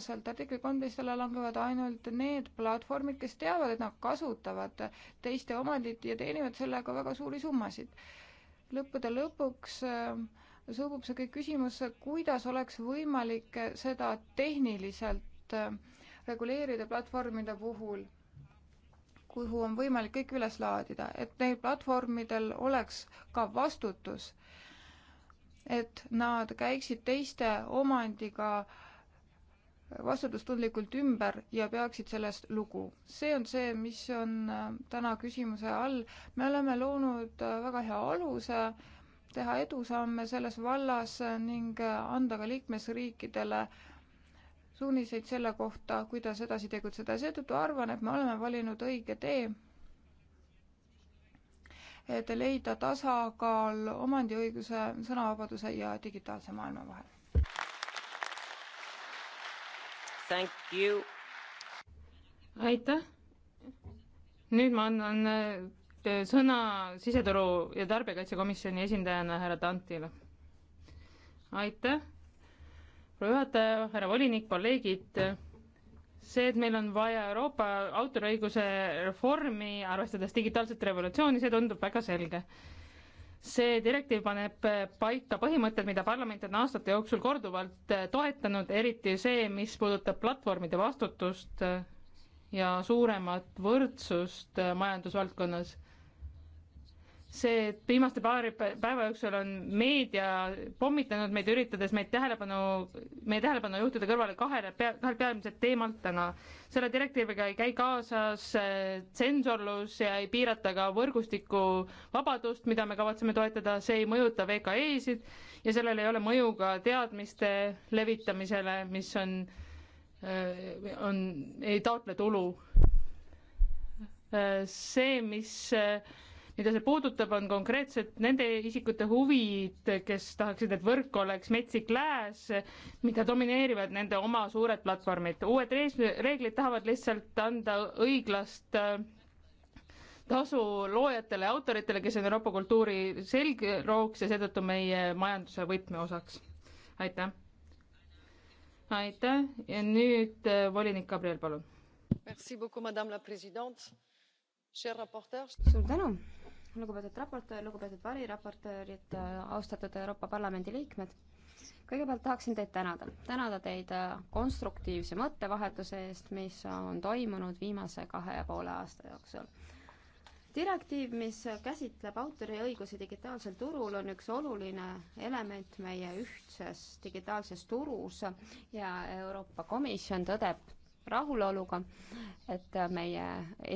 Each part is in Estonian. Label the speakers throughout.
Speaker 1: kohaselt artikli kolmteist alla langevad ainult need platvormid, kes teavad, et nad kasutavad teiste omandit ja teenivad sellega väga suuri summasid. lõppude lõpuks äh, suubub see kõik küsimusse, kuidas oleks võimalik seda tehniliselt äh, reguleerida platvormide puhul, kuhu on võimalik kõik üles laadida, et neil platvormidel oleks ka vastutus, et nad käiksid teiste omandiga äh, vastutustundlikult ümber ja peaksid sellest lugu. see on see, mis on äh, täna küsimuse all. me oleme loonud äh, väga hea aluse teha edusamme selles vallas äh, ning anda ka liikmesriikidele suuniseid selle kohta, kuidas edasi tegutseda ja seetõttu arvan, et me oleme valinud õige tee, et leida tasakaal omandiõiguse, sõnavabaduse ja digitaalse maailma vahel
Speaker 2: aitäh. nüüd ma annan äh, sõna siseturu ja tarbijakaitsekomisjoni esindajana härra Tantile. aitäh, proua juhataja, härra volinik, kolleegid. see, et meil on vaja Euroopa autoriõiguse reformi, arvestades digitaalset revolutsiooni, see tundub väga selge see direktiiv paneb paika põhimõtted, mida parlament on aastate jooksul korduvalt toetanud, eriti see, mis puudutab platvormide vastutust ja suuremat võrdsust majandusvaldkonnas see, et viimaste paari päeva jooksul on meedia pommitanud meid, üritades meid tähelepanu, meie tähelepanu juhtida kõrvale kahele pea, kahelt peamiselt teemalt täna. selle direktiiviga ei käi kaasas äh, tsensorlus ja ei piirata ka võrgustiku vabadust, mida me kavatseme toetada, see ei mõjuta VKE-sid ja sellel ei ole mõju ka teadmiste levitamisele, mis on, äh, on, ei taotle tulu. Äh, see, mis mida see puudutab, on konkreetselt nende isikute huvid, kes tahaksid, et võrk oleks metsik lääs, mida domineerivad nende oma suured platvormid. uued reeglid tahavad lihtsalt anda õiglast äh, tasu loojatele ja autoritele, kes on Euroopa kultuuri selgrooks ja seetõttu meie majanduse võtmeosaks. aitäh! aitäh ja nüüd äh, volinik Gabriel, palun!
Speaker 3: suur tänu! lugupeetud raportöör, lugupeetud variraportöörid, austatud Euroopa Parlamendi liikmed. kõigepealt tahaksin teid tänada, tänada teid äh, konstruktiivse mõttevahetuse eest, mis on toimunud viimase kahe ja poole aasta jooksul direktiiv, mis käsitleb autoriõigusi digitaalsel turul, on üks oluline element meie ühtses digitaalses turus ja Euroopa Komisjon tõdeb rahuloluga, et meie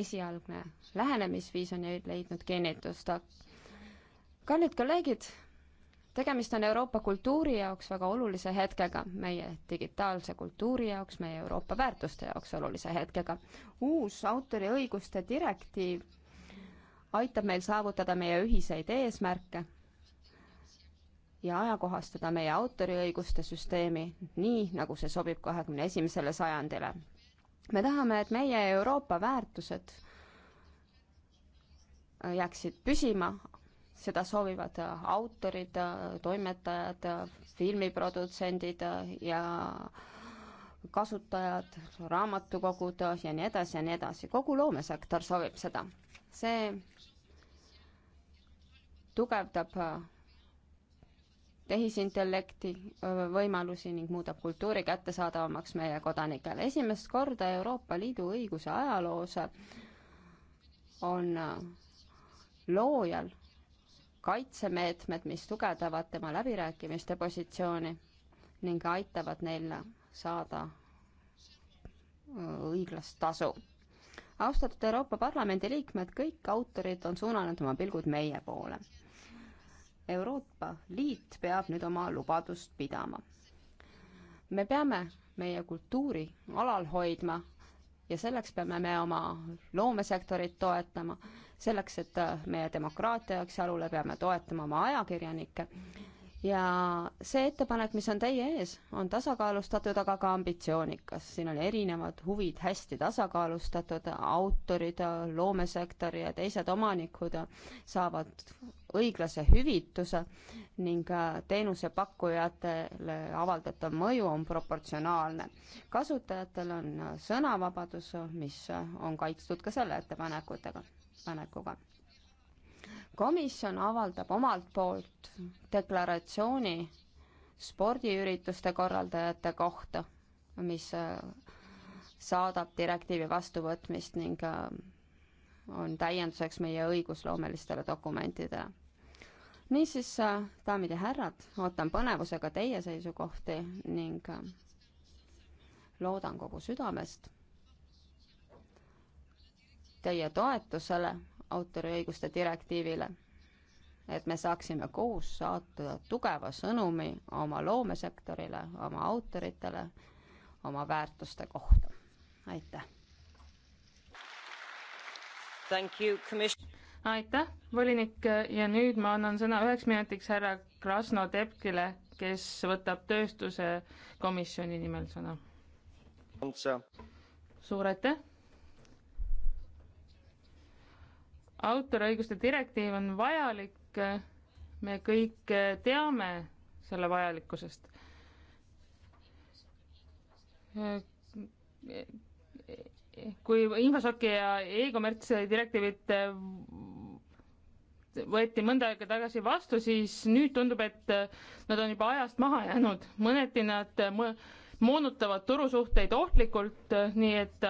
Speaker 3: esialgne lähenemisviis on leidnud kinnitust. kallid kolleegid, tegemist on Euroopa kultuuri jaoks väga olulise hetkega, meie digitaalse kultuuri jaoks, meie Euroopa väärtuste jaoks olulise hetkega. uus autoriõiguste direktiiv aitab meil saavutada meie ühiseid eesmärke ja ajakohastada meie autoriõiguste süsteemi nii, nagu see sobib kahekümne esimesele sajandile me tahame, et meie Euroopa väärtused jääksid püsima, seda soovivad autorid, toimetajad, filmiprodutsendid ja kasutajad, raamatukogud ja nii edasi ja nii edasi, kogu loomesektor soovib seda. see tugevdab tehisintellekti võimalusi ning muudab kultuuri kättesaadavamaks meie kodanikele. esimest korda Euroopa Liidu õiguse ajaloos on loojal kaitsemeetmed, mis tugevdavad tema läbirääkimiste positsiooni ning aitavad neil saada õiglast tasu. austatud Euroopa Parlamendi liikmed, kõik autorid on suunanud oma pilgud meie poole Euroopa Liit peab nüüd oma lubadust pidama. me peame meie kultuuri alal hoidma ja selleks peame me oma loomesektorit toetama, selleks, et äh, meie demokraatia jaoks jalule, peame toetama oma ajakirjanikke ja see ettepanek, mis on teie ees, on tasakaalustatud, aga ka ambitsioonikas. siin on erinevad huvid hästi tasakaalustatud, autorid, loomesektor ja teised omanikud saavad õiglase hüvituse ning äh, teenusepakkujatele avaldatav mõju on proportsionaalne. kasutajatel on äh, sõnavabadus, mis äh, on kaitstud ka selle ettepanekutega, panekuga komisjon avaldab omalt poolt deklaratsiooni spordiürituste korraldajate kohta, mis äh, saadab direktiivi vastuvõtmist ning äh, on täienduseks meie õigusloomelistele dokumentidele. niisiis, äh, daamid ja härrad, ootan põnevusega teie seisukohti ning loodan kogu südamest teie toetusele autoriõiguste direktiivile, et me saaksime koos saata tugeva sõnumi oma loomesektorile, oma autoritele, oma
Speaker 2: väärtuste kohta. aitäh! aitäh, volinik ja nüüd ma annan sõna üheks minutiks härra Krasno Tepkile, kes võtab tööstuse komisjoni nimel sõna. suur aitäh! autoriõiguste direktiiv on vajalik, me kõik teame selle vajalikkusest. kui infosoki ja e-kommerts direktiivid võeti mõnda aega tagasi vastu, siis nüüd tundub, et nad on juba ajast maha jäänud, mõneti nad moonutavad turusuhteid ohtlikult, nii et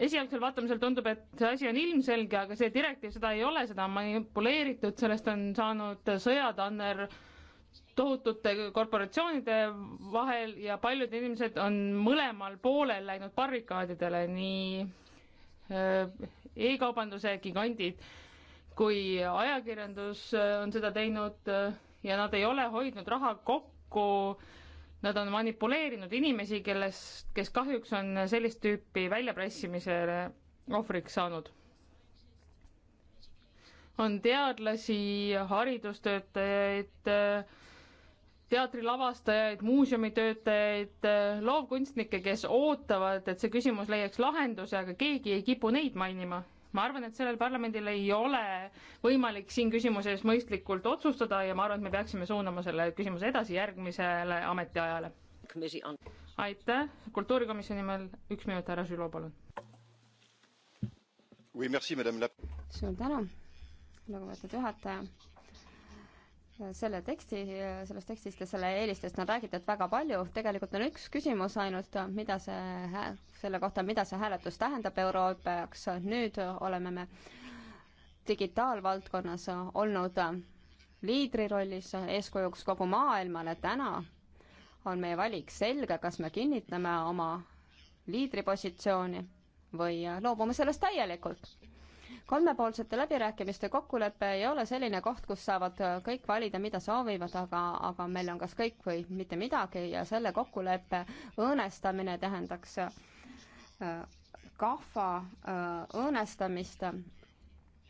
Speaker 2: esialgsel vaatamisel tundub, et see asi on ilmselge, aga see direktiiv seda ei ole, seda on manipuleeritud, sellest on saanud sõjatanner tohutute korporatsioonide vahel ja paljud inimesed on mõlemal poolel läinud barrikaadidele, nii äh, e-kaubanduse gigandid kui ajakirjandus äh, on seda teinud äh, ja nad ei ole hoidnud raha kokku Nad on manipuleerinud inimesi, kelles, kes kahjuks on sellist tüüpi väljapressimisele ohvriks saanud. on teadlasi, haridustöötajaid, teatrilavastajaid, muuseumitöötajaid, loovkunstnikke, kes ootavad, et see küsimus leiaks lahenduse, aga keegi ei kipu neid mainima ma arvan, et sellel parlamendil ei ole võimalik siin küsimuses mõistlikult otsustada ja ma arvan, et me peaksime suunama selle küsimuse edasi järgmisele ametiajale. aitäh, kultuurikomisjoni nimel üks minut, härra Žülo, palun. suur tänu, lugupeetud juhataja selle
Speaker 3: teksti, sellest tekstist ja selle eelistest on räägitud väga palju, tegelikult on üks küsimus ainult, mida see, selle kohta, mida see hääletus tähendab Euroopa jaoks, nüüd oleme me digitaalvaldkonnas olnud liidri rollis, eeskujuks kogu maailmale, täna on meie valik selge, kas me kinnitame oma liidripositsiooni või loobume sellest täielikult kolmepoolsete läbirääkimiste kokkulepe ei ole selline koht, kus saavad kõik valida, mida soovivad, aga, aga meil on kas kõik või mitte midagi ja selle kokkuleppe õõnestamine tähendaks äh, kahva äh, õõnestamist.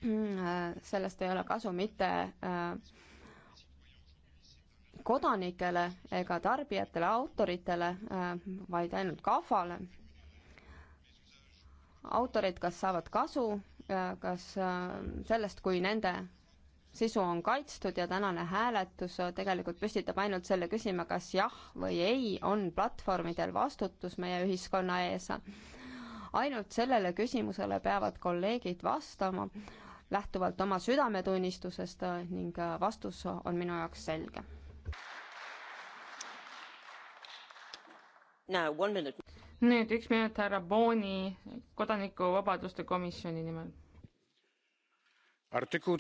Speaker 3: Mm, äh, sellest ei ole kasu mitte kodanikele ega tarbijatele, autoritele, vaid ainult kahvale autorid kas saavad kasu Äh, kas äh, sellest, kui nende sisu on kaitstud ja tänane hääletus äh, tegelikult püstitab ainult selle küsima, kas jah või ei, on platvormidel vastutus meie ühiskonna ees. ainult sellele küsimusele peavad kolleegid vastama lähtuvalt oma südametunnistusest ning vastus on minu jaoks selge
Speaker 2: nüüd üks minut härra Booni kodanikuvabaduste komisjoni nimel. artikkel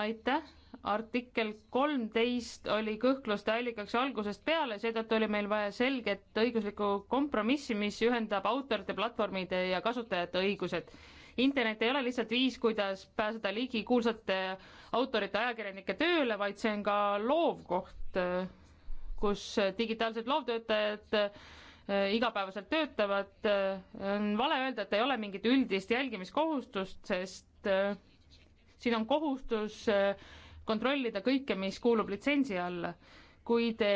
Speaker 2: aitäh, artikkel kolmteist oli kõhkluste allikaks algusest peale, seetõttu oli meil vaja selget õiguslikku kompromissi, mis ühendab autorite, platvormide ja kasutajate õigused. internet ei ole lihtsalt viis, kuidas pääseda ligi kuulsate autorite, ajakirjanike tööle, vaid see on ka loov koht kus digitaalsed loovtöötajad äh, igapäevaselt töötavad, äh, on vale öelda, et ei ole mingit üldist jälgimiskohustust, sest äh, siin on kohustus kontrollida kõike, mis kuulub litsentsi alla. kui te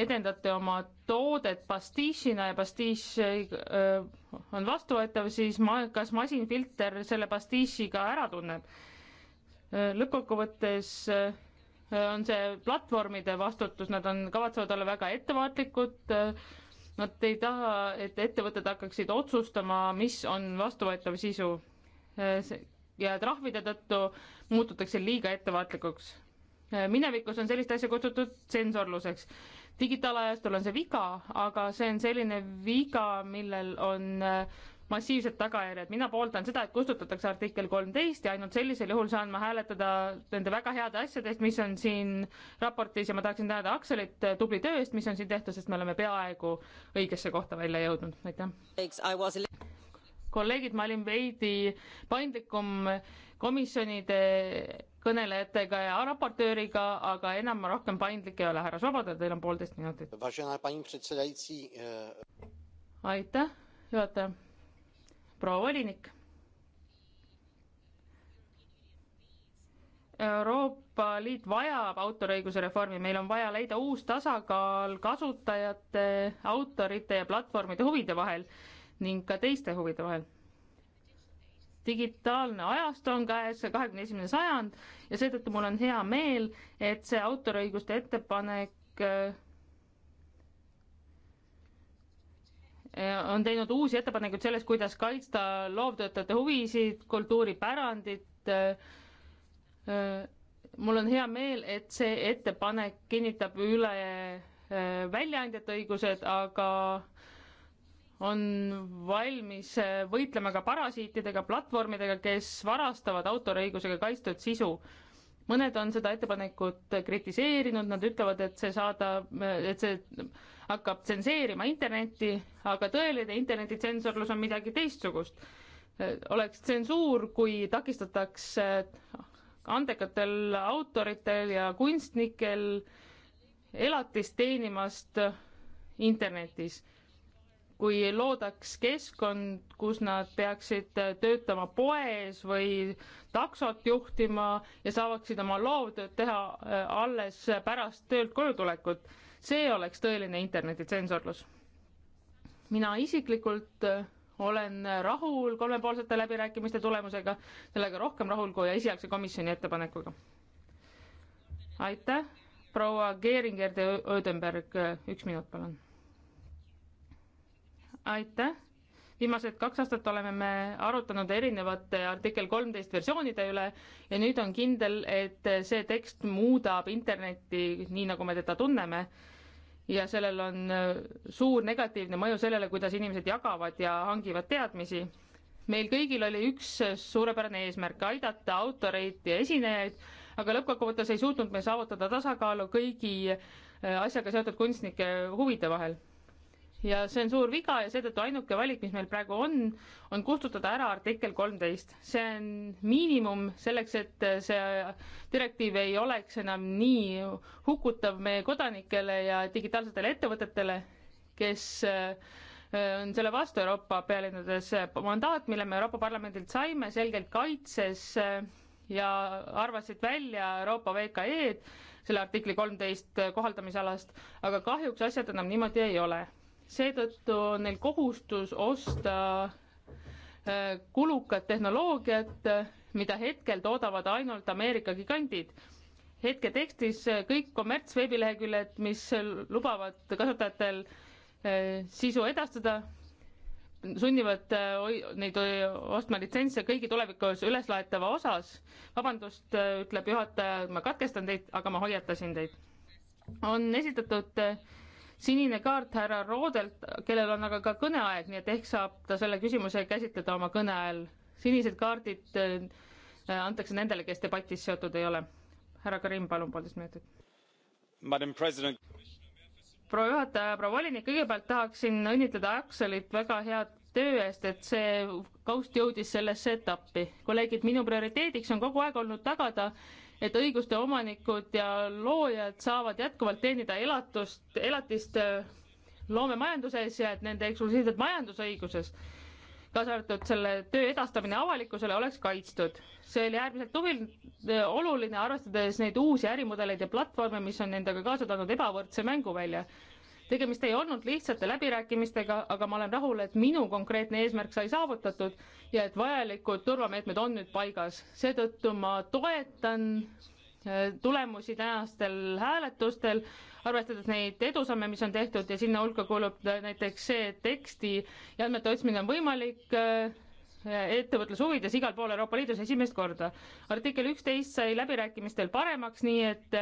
Speaker 2: edendate oma toodet pastišina ja pastiš on vastuvõetav, siis ma, kas masinfilter selle pastišiga ära tunneb? lõppkokkuvõttes on see platvormide vastutus, nad on, kavatsevad olla väga ettevaatlikud, nad ei taha, et ettevõtted hakkaksid otsustama, mis on vastuvõetav sisu. ja trahvide tõttu muututakse liiga ettevaatlikuks. minevikus on sellist asja kutsutud tsensorluseks. digitaalajastul on see viga, aga see on selline viga, millel on äh, massiivsed tagajärjed. mina pooldan seda, et kustutatakse artikkel kolmteist ja ainult sellisel juhul saan ma hääletada nende väga heade asjade eest, mis on siin raportis ja ma tahaksin tänada Akselit eh, tubli töö eest, mis on siin tehtud, sest me oleme peaaegu õigesse kohta välja jõudnud. aitäh! kolleegid, ma olin veidi paindlikum komisjonide kõnelejatega ja raportööriga, aga enam ma rohkem paindlik ei ole. härra Soboda, teil on poolteist minutit. Eh, aitäh, juhataja proua volinik. Euroopa Liit vajab autoriõiguse reformi, meil on vaja leida uus tasakaal kasutajate, autorite ja platvormide huvide vahel ning ka teiste huvide vahel digitaalne ajastu on käes, kahekümne esimene sajand ja seetõttu mul on hea meel, et see autoriõiguste ettepanek äh, on teinud uusi ettepanekuid selles, kuidas kaitsta loovtöötajate huvisid, kultuuripärandit. mul on hea meel, et see ettepanek kinnitab üle eh, väljaandjate õigused, aga on valmis eh, võitlema ka parasiitidega, platvormidega, kes varastavad autoriõigusega kaitstud sisu mõned on seda ettepanekut kritiseerinud, nad ütlevad, et see saadab, eh, et see hakkab tsenseerima internetti, aga tõeline internetitsensorlus on midagi teistsugust. oleks tsensuur, kui takistataks andekatel autoritel ja kunstnikel elatist teenimast internetis. kui loodaks keskkond, kus nad peaksid töötama poes või taksot juhtima ja saaksid oma loovtööd teha äh, alles pärast töölt koju tulekut see oleks tõeline internetitsensorlus. mina isiklikult äh, olen rahul kolmepoolsete läbirääkimiste tulemusega, sellega rohkem rahul kui esialgse komisjoni ettepanekuga. aitäh, proua Geeringer de Ödenberg, äh, üks minut, palun. aitäh viimased kaks aastat oleme me arutanud erinevate artikkel kolmteist versioonide üle ja nüüd on kindel, et see tekst muudab internetti nii, nagu me teda tunneme ja sellel on äh, suur negatiivne mõju sellele, kuidas inimesed jagavad ja hangivad teadmisi. meil kõigil oli üks äh, suurepärane eesmärk, aidata autoreid ja esinejaid, aga lõppkokkuvõttes ei suutnud me saavutada tasakaalu kõigi äh, asjaga seotud kunstnike huvide vahel ja see on suur viga ja seetõttu ainuke valik, mis meil praegu on, on kustutada ära artikkel kolmteist. see on miinimum selleks, et see direktiiv ei oleks enam nii hukutav meie kodanikele ja digitaalsetele ettevõtetele, kes äh, on selle vastu Euroopa pealinnades. mandaat, mille me Euroopa Parlamendilt saime, selgelt kaitses äh, ja arvasid välja Euroopa VKE-d selle artikli kolmteist äh, kohaldamisalast, aga kahjuks asjad enam niimoodi ei ole seetõttu on neil kohustus osta äh, kulukat tehnoloogiat, mida hetkel toodavad ainult Ameerika gigandid. hetke tekstis äh, kõik kommertsveebileheküljed, mis lubavad kasutajatel äh, sisu edastada, sunnivad neid ostma litsentse kõigi tulevikus üleslaetava osas. vabandust, ütleb juhataja, ma katkestan teid, aga ma hoiatasin teid. on esitatud äh, sinine kaart härra Roodelt, kellel on aga ka kõneaeg, nii et ehk saab ta selle küsimuse käsitleda oma kõne ajal. sinised kaardid äh, antakse nendele, kes debatis seotud ei ole. härra Karim, palun, poolteist minutit. proua juhataja, proua volinik, kõigepealt tahaksin õnnitleda Akselit väga head töö eest, et see kaust jõudis sellesse etappi. kolleegid, minu prioriteediks on kogu aeg olnud tagada, et õiguste omanikud ja loojad saavad jätkuvalt teenida elatust, elatist äh, loomemajanduses ja et nende eksklusiivsed majandusõiguses, kaasa arvatud selle töö edastamine avalikkusele, oleks kaitstud. see oli äärmiselt tubli, äh, oluline, arvestades neid uusi ärimudeleid ja platvorme, mis on endaga kaasa toonud ebavõrdse mänguvälja tegemist ei olnud lihtsate läbirääkimistega, aga ma olen rahul, et minu konkreetne eesmärk sai saavutatud ja et vajalikud turvameetmed on nüüd paigas. seetõttu ma toetan äh, tulemusi tänastel hääletustel, arvestades neid edusamme, mis on tehtud ja sinna hulka kuulub äh, näiteks see, et teksti ja andmete otsimine on võimalik äh, ettevõtluse huvides igal pool Euroopa Liidus esimest korda. artikkel üksteist sai läbirääkimistel paremaks, nii et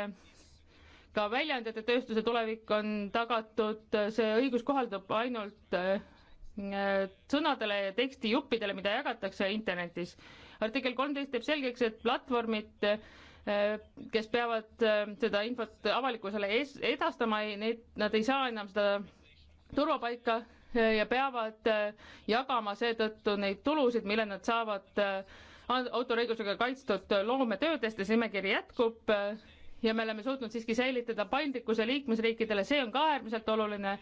Speaker 2: ka väljaandjate tööstuse tulevik on tagatud, see õigus kohaldub ainult äh, sõnadele ja tekstijuppidele, mida jagatakse internetis. artikkel kolmteist teeb selgeks, et platvormid, äh, kes peavad äh, seda infot avalikkusele edastama, need, nad ei saa enam seda turvapaika ja peavad jagama seetõttu neid tulusid, mille nad saavad autoriõigusega kaitstud loometöödest ja see nimekiri jätkub ja me oleme suutnud siiski säilitada paindlikkuse liikmesriikidele, see on ka äärmiselt oluline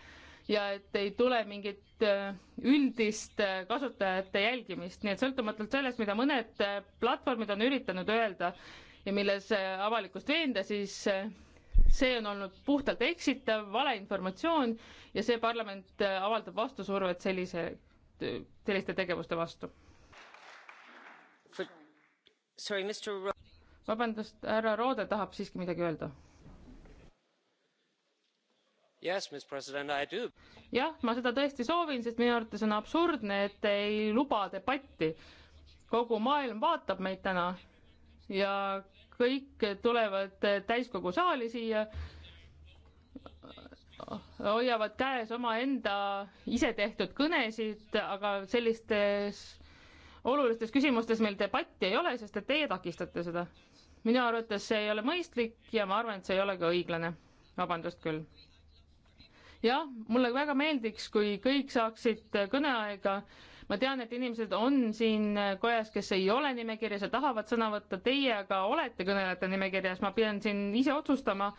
Speaker 2: ja et ei tule mingit äh, üldist äh, kasutajate jälgimist, nii et sõltumatult sellest, mida mõned äh, platvormid on üritanud öelda ja milles avalikkust veenda, siis see on olnud puhtalt eksitav valeinformatsioon ja see parlament avaldab vastusurvet sellise, selliste tegevuste vastu. Sorry, Mr vabandust, härra Roode tahab siiski midagi öelda. jah, ma seda tõesti soovin, sest minu arvates on absurdne, et te ei luba debatti. kogu maailm vaatab meid täna ja kõik tulevad täiskogu saali siia, hoiavad käes omaenda isetehtud kõnesid, aga sellistes olulistes küsimustes meil debatti ei ole, sest et teie takistate seda minu arvates see ei ole mõistlik ja ma arvan, et see ei ole ka õiglane. vabandust küll. jah, mulle väga meeldiks, kui kõik saaksid kõneaega. ma tean, et inimesed on siin kojas, kes ei ole nimekirjas ja tahavad sõna võtta, teie aga olete kõnelejate nimekirjas, ma pean siin ise otsustama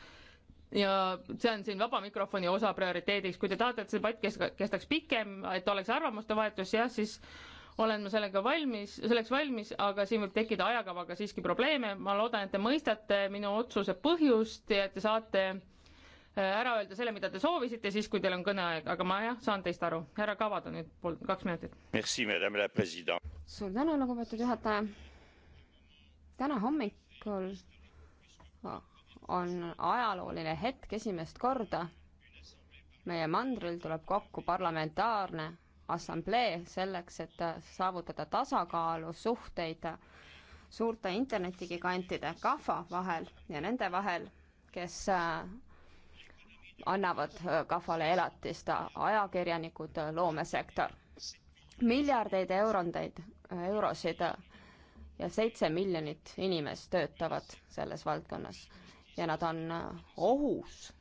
Speaker 2: ja see on siin vaba mikrofoni osa prioriteediks, kui te tahate, et see debatt kestaks pikem, et oleks arvamuste vahetus, jah, siis olen ma sellega valmis, selleks valmis, aga siin võib tekkida ajakavaga siiski probleeme, ma loodan, et te mõistate minu otsuse põhjust ja te saate äh, ära öelda selle, mida te soovisite, siis kui teil on kõneaeg, aga ma jah, saan teist aru. härra Kavada nüüd pool, kaks minutit. suur tänu, lugupeetud juhataja. täna hommikul
Speaker 3: on ajalooline hetk esimest korda. meie mandril tuleb kokku parlamentaarne assamblee selleks, et saavutada tasakaalu suhteid suurte internetigigantide kahva vahel ja nende vahel, kes äh, annavad äh, kahvale elatist, ajakirjanikud, äh, loomesektor. miljardeid eurondeid, eurosid ja seitse miljonit inimest töötavad selles valdkonnas ja nad on ohus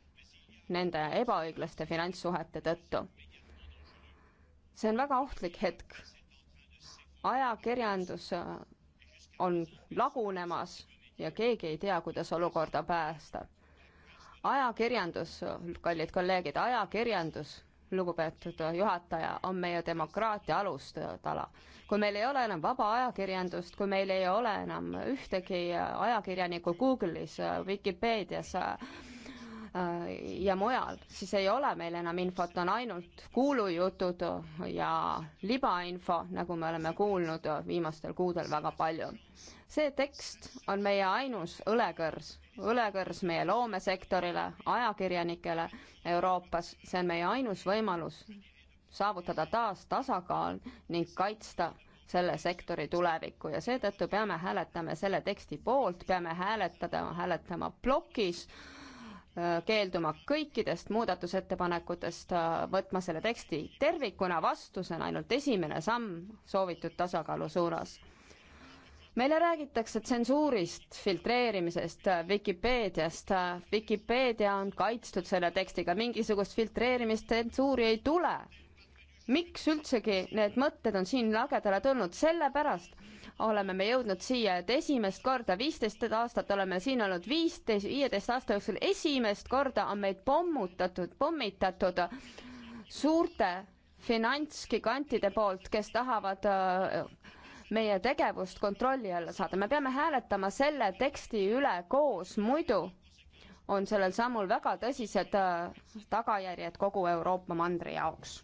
Speaker 3: nende ebaõiglaste finantssuhete tõttu see on väga ohtlik hetk. ajakirjandus äh, on lagunemas ja keegi ei tea, kuidas olukorda päästa. ajakirjandus, kallid kolleegid, ajakirjandus, lugupeetud juhataja, on meie demokraatia alustala. kui meil ei ole enam vaba ajakirjandust, kui meil ei ole enam ühtegi ajakirjanikku Google'is, Vikipeedias, ja mujal, siis ei ole meil enam infot, on ainult kuulujutud ja libainfo, nagu me oleme kuulnud viimastel kuudel väga palju. see tekst on meie ainus õlekõrs, õlekõrs meie loomesektorile, ajakirjanikele Euroopas, see on meie ainus võimalus saavutada taas tasakaal ning kaitsta selle sektori tulevikku ja seetõttu peame hääletama selle teksti poolt, peame hääletada, hääletama plokis äh, keelduma kõikidest muudatusettepanekutest, äh, võtma selle teksti tervikuna vastu, see on ainult esimene samm soovitud tasakaalu suunas. meile räägitakse tsensuurist, filtreerimisest, äh, Vikipeediast, äh, Vikipeedia on kaitstud selle tekstiga, mingisugust filtreerimist, tsensuuri ei tule. miks üldsegi need mõtted on siin lagedale tulnud, sellepärast oleme me jõudnud siia, et esimest korda viisteist aastat oleme siin olnud, viisteist, viieteist aasta jooksul esimest korda on meid pommutatud, pommitatud suurte finantsgigantide poolt, kes tahavad äh, meie tegevust kontrolli alla saada, me peame hääletama selle teksti üle koos, muidu on sellel sammul väga tõsised äh, tagajärjed kogu Euroopa mandri jaoks.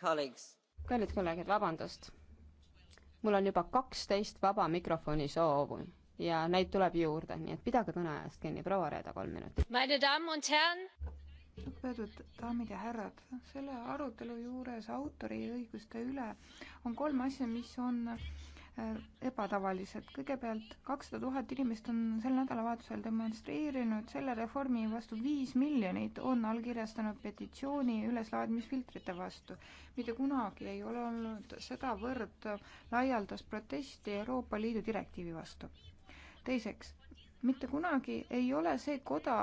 Speaker 3: kallid kolleegid, vabandust. mul on juba kaksteist vaba mikrofoni soovu ja neid tuleb juurde, nii et pidage kõne ajast kinni, proua Reeda, kolm minutit.
Speaker 1: lugupeetud daamid ja härrad, selle arutelu juures autoriõiguste üle on kolm asja, mis on Äh, ebatavalised. kõigepealt kakssada tuhat inimest on sel nädalavahetusel demonstreerinud selle reformi vastu, viis miljonit on allkirjastanud petitsiooni üleslaadimisfiltrite vastu. mitte kunagi ei ole olnud sedavõrd laialdas protesti Euroopa Liidu direktiivi vastu. teiseks, mitte kunagi ei ole see koda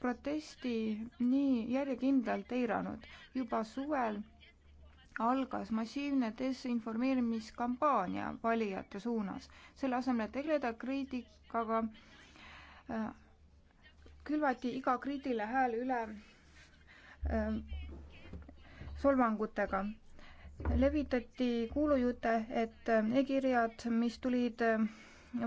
Speaker 1: protesti nii järjekindlalt eiranud. juba suvel algas massiivne desinformeerimiskampaania valijate suunas. selle asemel, et tegeleda kriitikaga, äh, külvati iga kriitiline hääl üle äh, solvangutega. levitati kuulujutte, et äh, e-kirjad, mis tulid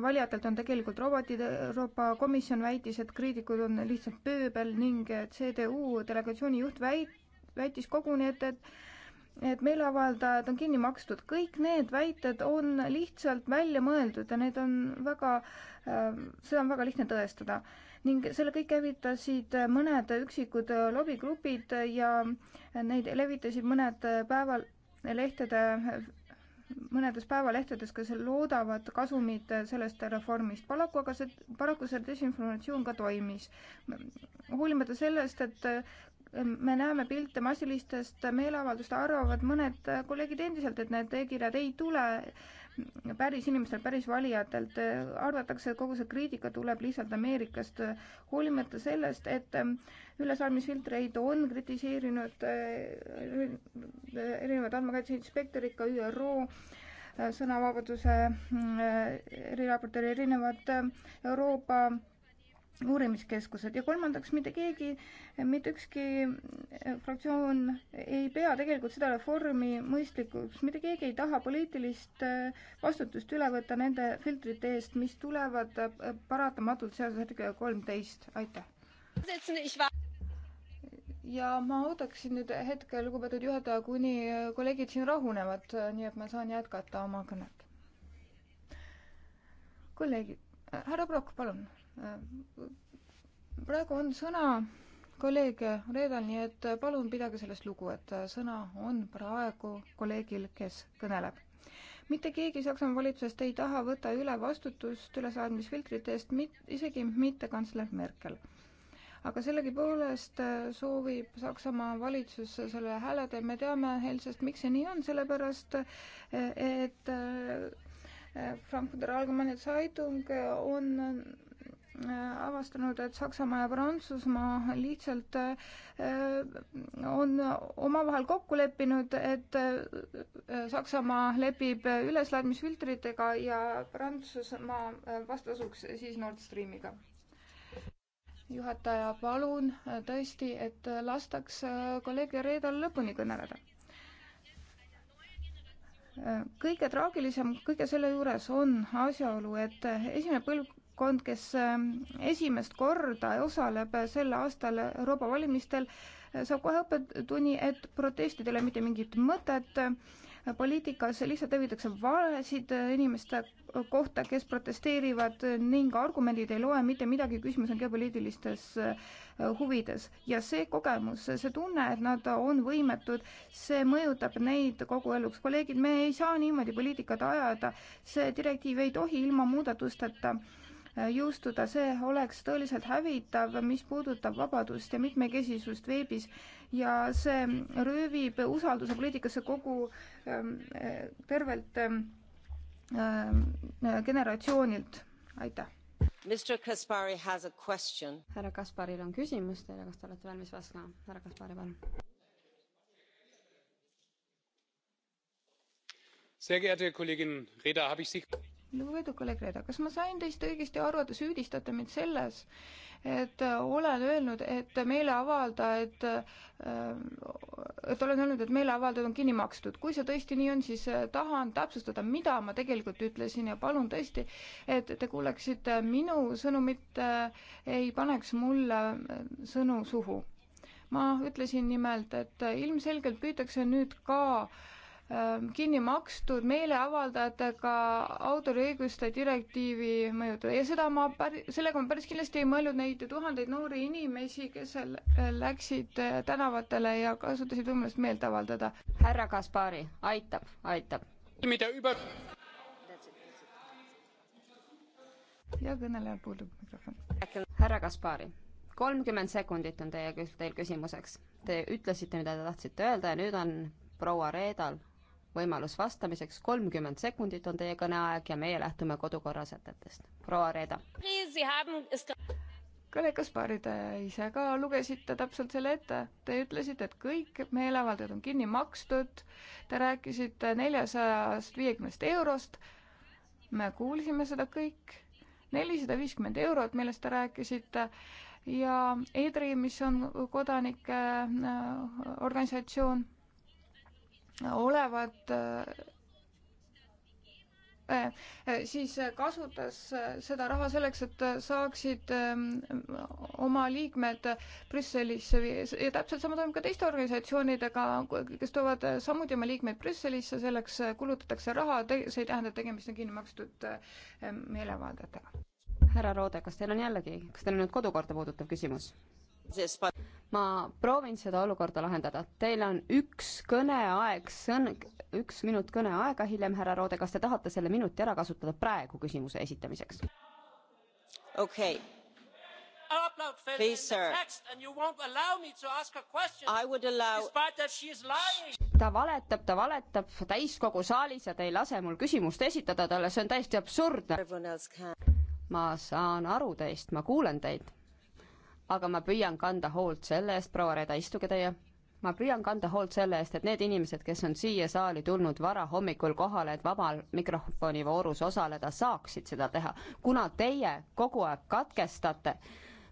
Speaker 1: valijatelt, on tegelikult robotid. Euroopa Komisjon väitis, et kriitikud on lihtsalt pööbel ning CDU delegatsiooni juht väit-, väitis koguni, et, et et meeleavaldajad on kinni makstud, kõik need väited on lihtsalt välja mõeldud ja need on väga, äh, seda on väga lihtne tõestada. ning selle kõik hävitasid mõned üksikud lobigrupid ja neid levitasid mõned päeval lehtede, mõnedes päevalehtedes, kes loodavad kasumit sellest reformist. paraku aga see, paraku see desinformatsioon ka toimis. hoolimata sellest, et me näeme pilte massilistest meeleavalduste, arvavad mõned kolleegid endiselt, et need e-kirjad ei tule päris inimestelt, päris valijatelt. arvatakse, et kogu see kriitika tuleb lihtsalt Ameerikast, hoolimata sellest, et ülesaamisfiltreid on kritiseerinud erinevad andmekaitse inspektorid, ka ÜRO sõnavabaduse mm, eriraportööri, erinevad Euroopa uurimiskeskused ja kolmandaks mitte keegi, mitte ükski eh, fraktsioon ei pea tegelikult seda reformi mõistlikuks, mitte keegi ei taha poliitilist eh, vastutust üle võtta nende filtrite eest, mis tulevad eh, paratamatult seoses hetkel kolmteist, aitäh. ja ma ootaksin nüüd hetke, lugupeetud juhataja, kuni kolleegid siin rahunevad, nii et ma saan jätkata oma kõnet. kolleegid, härra Prokk, palun praegu on sõna kolleeg Reedal, nii et palun pidage sellest lugu, et sõna on praegu kolleegil, kes kõneleb. mitte keegi Saksamaa valitsusest ei taha võtta üle vastutust üleseadmisfiltrite eest, mit-, isegi mitte kantsler Merkel. aga sellegipoolest soovib Saksamaa valitsus selle hääleda ja me teame eilsest, miks see nii on, sellepärast et äh, Frankfurter Allgemeine Zeitung on avastanud, et Saksamaa ja Prantsusmaa lihtsalt äh, on omavahel kokku leppinud, et äh, Saksamaa lepib üleslaadmisfiltritega ja Prantsusmaa äh, vastasuks siis Nord Streamiga. juhataja, palun tõesti, et lastaks kolleeg Reedal lõpuni kõneleda kõige traagilisem kõige selle juures on asjaolu, et esimene põlv, kond, kes ähm, esimest korda osaleb sel aastal Euroopa valimistel, saab kohe õppetunni, et protestidel ei ole mitte mingit mõtet, poliitikas lihtsalt levitakse valesid inimeste kohta, kes protesteerivad ning argumendid ei loe mitte midagi, küsimus on geopoliitilistes äh, huvides. ja see kogemus, see tunne, et nad on võimetud, see mõjutab neid kogu eluks. kolleegid, me ei saa niimoodi poliitikat ajada, see direktiiv ei tohi ilma muudatusteta äh, jõustuda, see oleks tõeliselt hävitav, mis puudutab vabadust ja mitmekesisust veebis ja see röövib usalduse poliitikasse kogu ähm, äh, tervelt ähm, äh,
Speaker 3: generatsioonilt, aitäh. härra Kasparil on küsimus teile, kas te olete valmis vastama? härra Kaspari, palun.
Speaker 1: Sehr geehrte Kollegin Reda, habe ich Sie lugupeetud kolleeg Reeda, kas ma sain teist õigesti aru, et te süüdistate mind selles, et äh, olen öelnud, et meeleavaldajad, äh, et olen öelnud, et meeleavaldajad on kinni makstud. kui see tõesti nii on, siis äh, tahan täpsustada, mida ma tegelikult ütlesin ja palun tõesti, et te kuuleksite minu sõnumit, ei paneks mulle sõnu suhu ma ütlesin nimelt, et ilmselgelt püütakse nüüd ka äh, Ehm, kinni makstud meeleavaldajatega autoriõiguste direktiivi mõjutada ja seda ma päri-, sellega ma päris kindlasti ei mõelnud neid tuhandeid noori inimesi, kes äh, läksid äh, tänavatele ja kasutasid võimalust meelt avaldada.
Speaker 3: härra Kaspari, aitab, aitab. mida übe-? ja kõnelejal puudub mikrofon. härra Kaspari, kolmkümmend sekundit on teie, teil küsimuseks. Te ütlesite, mida te tahtsite öelda ja nüüd on proua Reedal võimalus vastamiseks, kolmkümmend sekundit on teie kõneaeg ja meie lähtume kodukorra sätetest. proua Reeda. kõnekaspari,
Speaker 1: te ise ka lugesite täpselt selle ette. Te ütlesite, et kõik meeleavaldajad on kinni makstud, te rääkisite neljasajast viiekümnest eurost, me kuulsime seda kõik, nelisada viiskümmend eurot, millest te rääkisite, ja EDRI, mis on kodanike äh, organisatsioon olevat äh, äh, siis kasutas seda raha selleks, et saaksid ähm, oma liikmed Brüsselisse viia ja täpselt sama toimub ka teiste organisatsioonidega, kes toovad samuti oma liikmeid Brüsselisse, selleks kulutatakse raha, see ei tähenda, et tegemist on kinni makstud
Speaker 3: äh, meeleavaldajatega. härra Roode, kas teil on jällegi, kas teil on nüüd kodukorda puudutav küsimus? ma proovin seda olukorda lahendada. Teil on üks kõneaeg, sõn-, üks minut kõneaega hiljem, härra Roode, kas te tahate selle minuti ära kasutada praegu küsimuse esitamiseks? okei okay..
Speaker 2: Please, sir. I would allow.
Speaker 3: ta valetab, ta valetab täiskogu saalis ja te ei lase mul küsimust esitada talle, see on täiesti absurdne. ma saan aru teist, ma kuulen teid aga ma püüan kanda hoolt selle eest, proua Reda, istuge teie, ma püüan kanda hoolt selle eest, et need inimesed, kes on siia saali tulnud varahommikul kohale, et vabal mikrofoni voorus osaleda, saaksid seda teha. kuna teie kogu aeg katkestate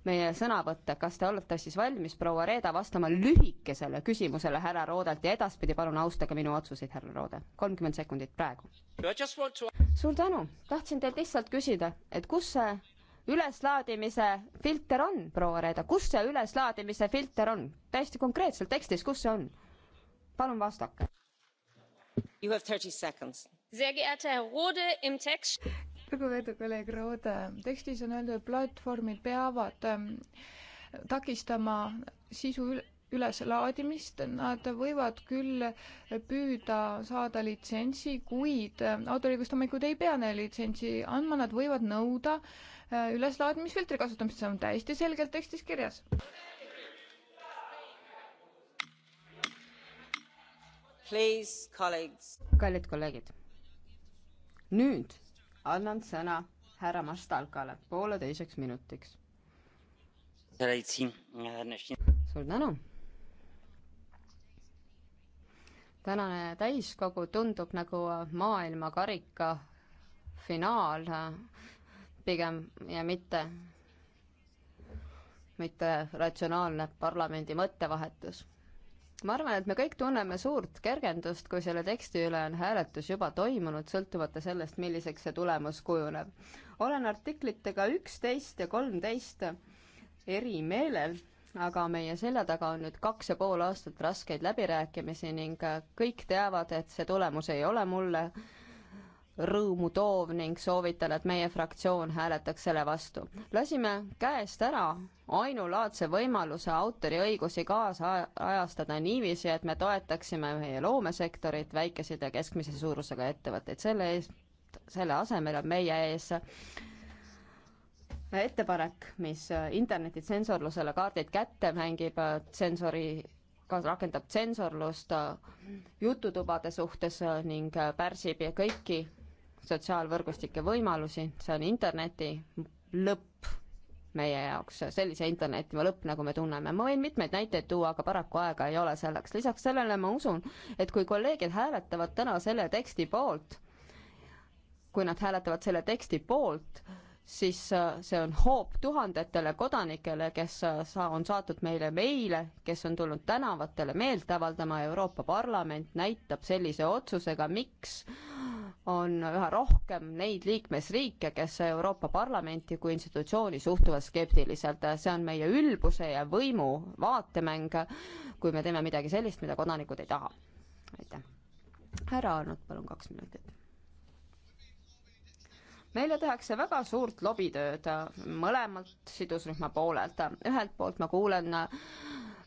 Speaker 3: meie sõnavõtte, kas te olete siis valmis, proua Reeda, vastama lühikesele küsimusele härra Roodelt ja edaspidi palun austage minu otsuseid, härra Roode. kolmkümmend sekundit praegu.
Speaker 2: To...
Speaker 3: suur tänu, tahtsin teilt lihtsalt küsida, et kus see üleslaadimise filter on, proua Reeda, kus see üleslaadimise filter on? täiesti konkreetselt tekstis, kus see on? palun vastake.
Speaker 1: lugupeetud kolleeg Roode, tekstis on öeldud, et platvormid peavad ähm, takistama sisu üle üleslaadimist, nad võivad küll püüda saada litsentsi, kuid ähm, autoriõigusomanikud ei pea neile litsentsi andma, nad võivad nõuda äh, Äh, üleslaadimisfiltri kasutamist, see on täiesti selgelt tekstis kirjas.
Speaker 3: kallid kolleegid, nüüd annan sõna härra Mastalkale pooleteiseks minutiks. suur tänu tänane täiskogu tundub nagu maailmakarika finaal pigem ja mitte, mitte ratsionaalne parlamendi mõttevahetus ma arvan, et me kõik tunneme suurt kergendust, kui selle teksti üle on hääletus juba toimunud, sõltumata sellest, milliseks see tulemus kujuneb. olen artiklitega üksteist ja kolmteist eri meelel, aga meie selja taga on nüüd kaks ja pool aastat raskeid läbirääkimisi ning kõik teavad, et see tulemus ei ole mulle rõõmu toov ning soovitan, et meie fraktsioon hääletaks selle vastu. lasime käest ära ainulaadse võimaluse autoriõigusi kaasajastada niiviisi, et me toetaksime meie loomesektorit, väikeseid ja keskmise suurusega ettevõtteid. selle eest, selle asemel on meie ees ettepanek, mis interneti tsensorlusele kaardid kätte mängib, tsensori kas rakendab tsensorlust jututubade suhtes ning pärsib kõiki sotsiaalvõrgustike võimalusi, see on interneti lõpp meie jaoks, sellise interneti lõpp, nagu me tunneme. ma võin mitmeid näiteid tuua, aga paraku aega ei ole selleks. lisaks sellele ma usun, et kui kolleegid hääletavad täna selle teksti poolt, kui nad hääletavad selle teksti poolt, siis äh, see on hoop tuhandetele kodanikele, kes äh, sa-, on saatnud meile meile, kes on tulnud tänavatele meelt avaldama, Euroopa Parlament näitab sellise otsusega, miks on üha rohkem neid liikmesriike, kes Euroopa Parlamenti kui institutsiooni suhtuvad skeptiliselt. see on meie ülbuse ja võimu vaatemäng, kui me teeme midagi sellist, mida kodanikud ei taha. aitäh. härra Arnold, palun kaks minutit meile tehakse väga suurt lobitööd mõlemalt sidusrühma poolelt. ühelt poolt ma kuulen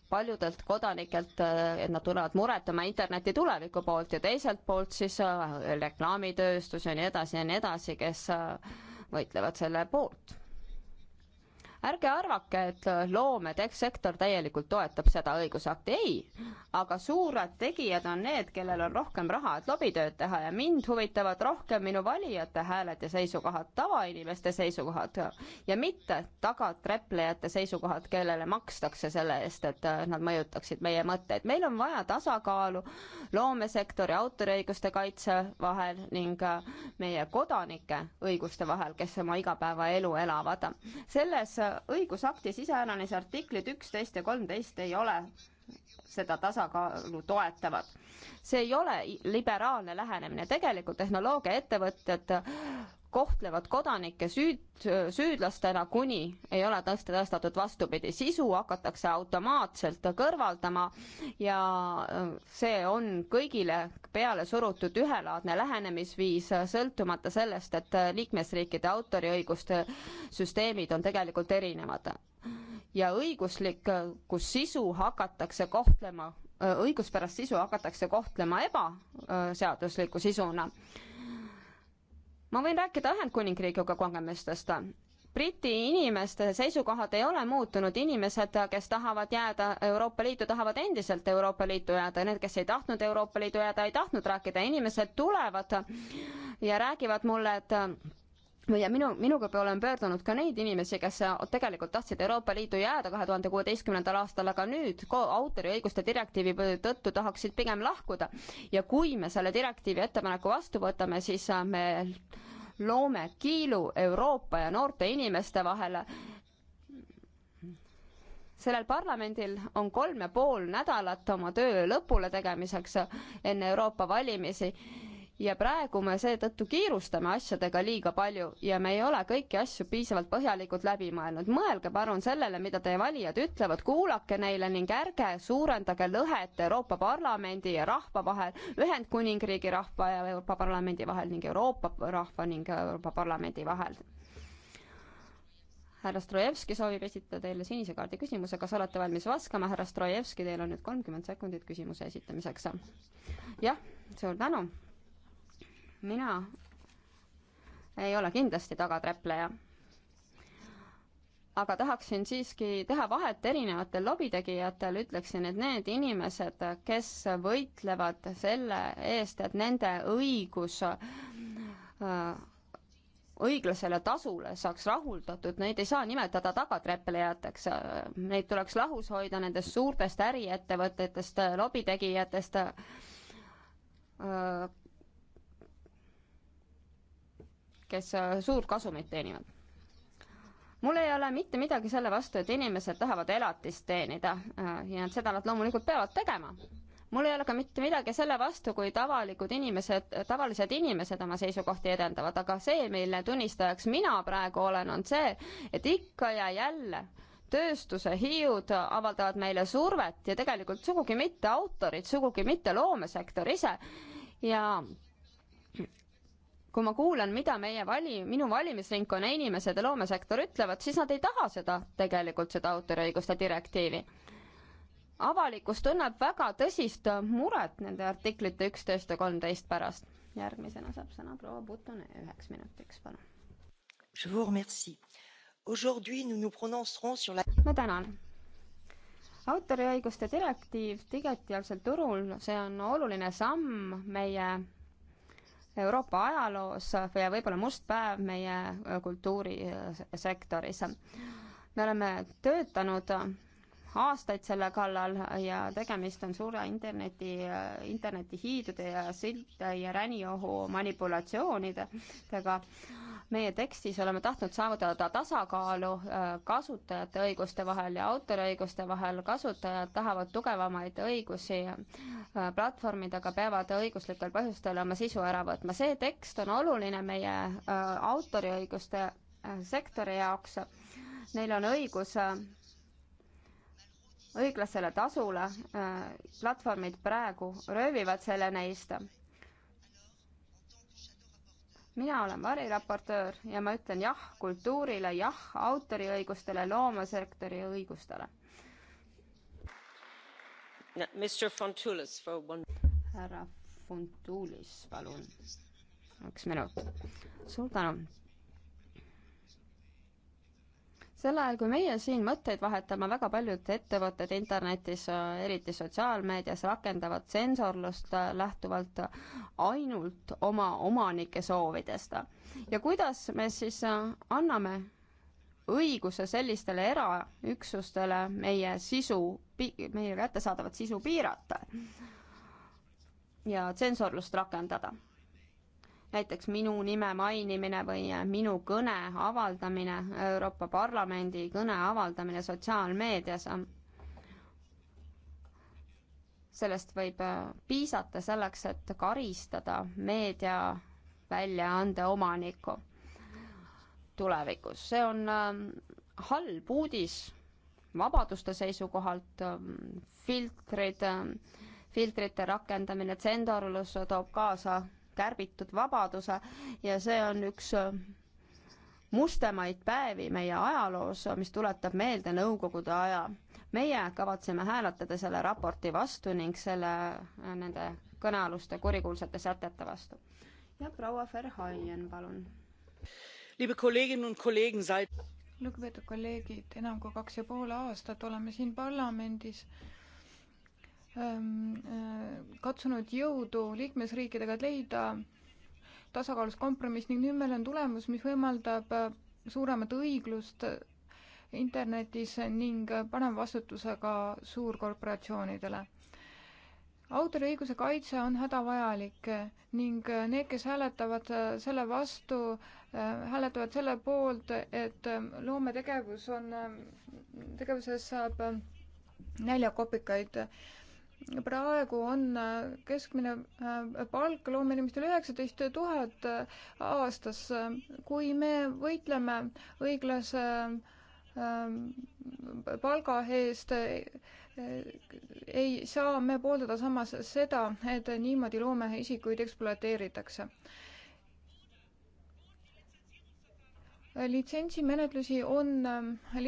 Speaker 3: paljudelt kodanikelt, äh, et nad tulevad muretama interneti tuleviku poolt ja teiselt poolt siis äh, reklaamitööstus ja nii edasi ja nii edasi, kes äh, võitlevad selle poolt ärge arvake, et äh, loomesektor täielikult toetab seda õigusakti, ei. aga suured tegijad on need, kellel on rohkem raha, et lobitööd teha ja mind huvitavad rohkem minu valijate hääled ja seisukohad, tavainimeste seisukohad ja mitte tagatreplejate seisukohad, kellele makstakse selle eest, et äh, nad mõjutaksid meie mõtteid. meil on vaja tasakaalu loomesektori autoriõiguste kaitse vahel ning äh, meie kodanike õiguste vahel, kes oma igapäevaelu elavad. selles õigusaktis iseäranis artiklid üksteist ja kolmteist ei ole seda tasakaalu toetavad. see ei ole liberaalne lähenemine, tegelikult tehnoloogiaettevõtjad kohtlevad kodanikke süüd, süüdlastena, kuni ei ole tõesti tõestatud vastupidi. sisu hakatakse automaatselt kõrvaldama ja äh, see on kõigile peale surutud ühelaadne lähenemisviis, sõltumata sellest, et liikmesriikide autoriõiguste süsteemid on tegelikult erinevad ja õiguslikku sisu hakatakse kohtlema, õiguspärast sisu hakatakse kohtlema ebaseadusliku sisuna. ma võin rääkida Ühendkuningriigiga kogemustest. Briti inimeste seisukohad ei ole muutunud, inimesed, kes tahavad jääda Euroopa Liitu, tahavad endiselt Euroopa Liitu jääda, need, kes ei tahtnud Euroopa Liitu jääda, ei tahtnud rääkida, inimesed tulevad ja räägivad mulle, et või ja minu, minuga olen pöördunud ka neid inimesi, kes äh, tegelikult tahtsid Euroopa Liitu jääda kahe tuhande kuueteistkümnendal aastal, aga nüüd autoriõiguste direktiivi tõttu tahaksid pigem lahkuda. ja kui me selle direktiivi ettepaneku vastu võtame, siis äh, me loome kiilu Euroopa ja noorte inimeste vahele. sellel parlamendil on kolm ja pool nädalat oma töö lõpule tegemiseks enne Euroopa valimisi ja praegu me seetõttu kiirustame asjadega liiga palju ja me ei ole kõiki asju piisavalt põhjalikult läbi mõelnud. mõelge palun sellele, mida teie valijad ütlevad, kuulake neile ning ärge suurendage lõhet Euroopa Parlamendi ja rahva vahel, Ühendkuningriigi rahva ja Euroopa Parlamendi vahel ning Euroopa rahva ning Euroopa Parlamendi vahel. härra Strojevski soovib esitada teile sinise kaardi küsimuse, kas olete valmis vastama, härra Strojevski, teil on nüüd kolmkümmend sekundit küsimuse esitamiseks. jah, suur tänu mina ei ole kindlasti tagaträpleja. aga tahaksin siiski teha vahet erinevatel lobitegijatel, ütleksin, et need inimesed, kes võitlevad selle eest, et nende õigus äh, õiglasele tasule saaks rahuldatud, neid ei saa nimetada tagaträplejateks, neid tuleks lahus hoida nendest suurtest äriettevõtetest, lobitegijatest, äh, kes äh, suurt kasumit teenivad. mul ei ole mitte midagi selle vastu, et inimesed tahavad elatist teenida äh, ja seda nad loomulikult peavad tegema. mul ei ole ka mitte midagi selle vastu, kui tavalikud inimesed, tavalised inimesed oma seisukohti edendavad, aga see, mille tunnistajaks mina praegu olen, on see, et ikka ja jälle tööstuse hiiud avaldavad meile survet ja tegelikult sugugi mitte autorid, sugugi mitte loomesektor ise ja kui ma kuulan, mida meie vali-, minu valimisringkonna inimesed ja loomesektor ütlevad, siis nad ei taha seda tegelikult, seda autoriõiguste direktiivi. avalikkus tunneb väga tõsist muret nende artiklite üksteist ja kolmteist pärast. järgmisena saab sõna proua Putone üheks minutiks, palun. ma tänan autoriõiguste direktiiv digitaalsel turul, see on oluline samm meie Euroopa ajaloos ja võib-olla must päev meie kultuurisektoris. me oleme töötanud aastaid selle kallal ja tegemist on suure interneti, internetihiidude ja silte ja räniohu manipulatsioonidega meie tekstis oleme tahtnud saavutada tasakaalu äh, kasutajate õiguste vahel ja autoriõiguste vahel. kasutajad tahavad tugevamaid õigusi, äh, platvormid aga peavad õiguslikel põhjustel oma sisu ära võtma. see tekst on oluline meie äh, autoriõiguste sektori jaoks. Neil on õigus õiglasele tasule, platvormid praegu röövivad selle neist mina olen variraportöör ja ma ütlen jah kultuurile, jah autoriõigustele, loomesektori õigustele. härra Funtulis, palun, üks minut. suur tänu sel ajal, kui meie siin mõtteid vahetame, väga paljud ettevõtted internetis, eriti sotsiaalmeedias, rakendavad tsensorlust äh, lähtuvalt ainult oma omanike soovidest. ja kuidas me siis äh, anname õiguse sellistele eraüksustele meie sisu, meie kättesaadavat sisu piirata ja tsensorlust rakendada näiteks minu nime mainimine või minu kõne avaldamine, Euroopa Parlamendi kõne avaldamine sotsiaalmeedias, sellest võib äh, piisata selleks, et karistada meediaväljaande omanikku tulevikus. see on äh, halb uudis vabaduste seisukohalt, äh, filtrid, filtrite rakendamine, tsendorlus toob kaasa kärbitud vabaduse ja see on üks äh, mustemaid päevi meie ajaloos, mis tuletab meelde Nõukogude aja. meie kavatseme hääletada selle raporti vastu ning selle, äh, nende kõnealuste kurikuulsate sätete vastu. ja proua Verhaien, palun. lugupeetud
Speaker 1: kolleegid, enam kui kaks ja pool aastat oleme siin parlamendis Ähm, äh, katsunud jõudu liikmesriikidega, et leida tasakaalus kompromiss ning nüüd meil on tulemus, mis võimaldab äh, suuremat õiglust äh, internetis ning paneb vastutuse ka suurkorporatsioonidele. autoriõiguse kaitse on hädavajalik ning need, kes hääletavad selle vastu, hääletavad selle poolt, et loometegevus on, tegevuses saab näljakopikaid äh, praegu on äh, keskmine äh, palk loomeinimestel üheksateist tuhat äh, aastas. kui me võitleme õiglase palga eest, ei saa me pooldada samas seda, et niimoodi loomeisikuid ekspluateeritakse. litsentsimenetlusi on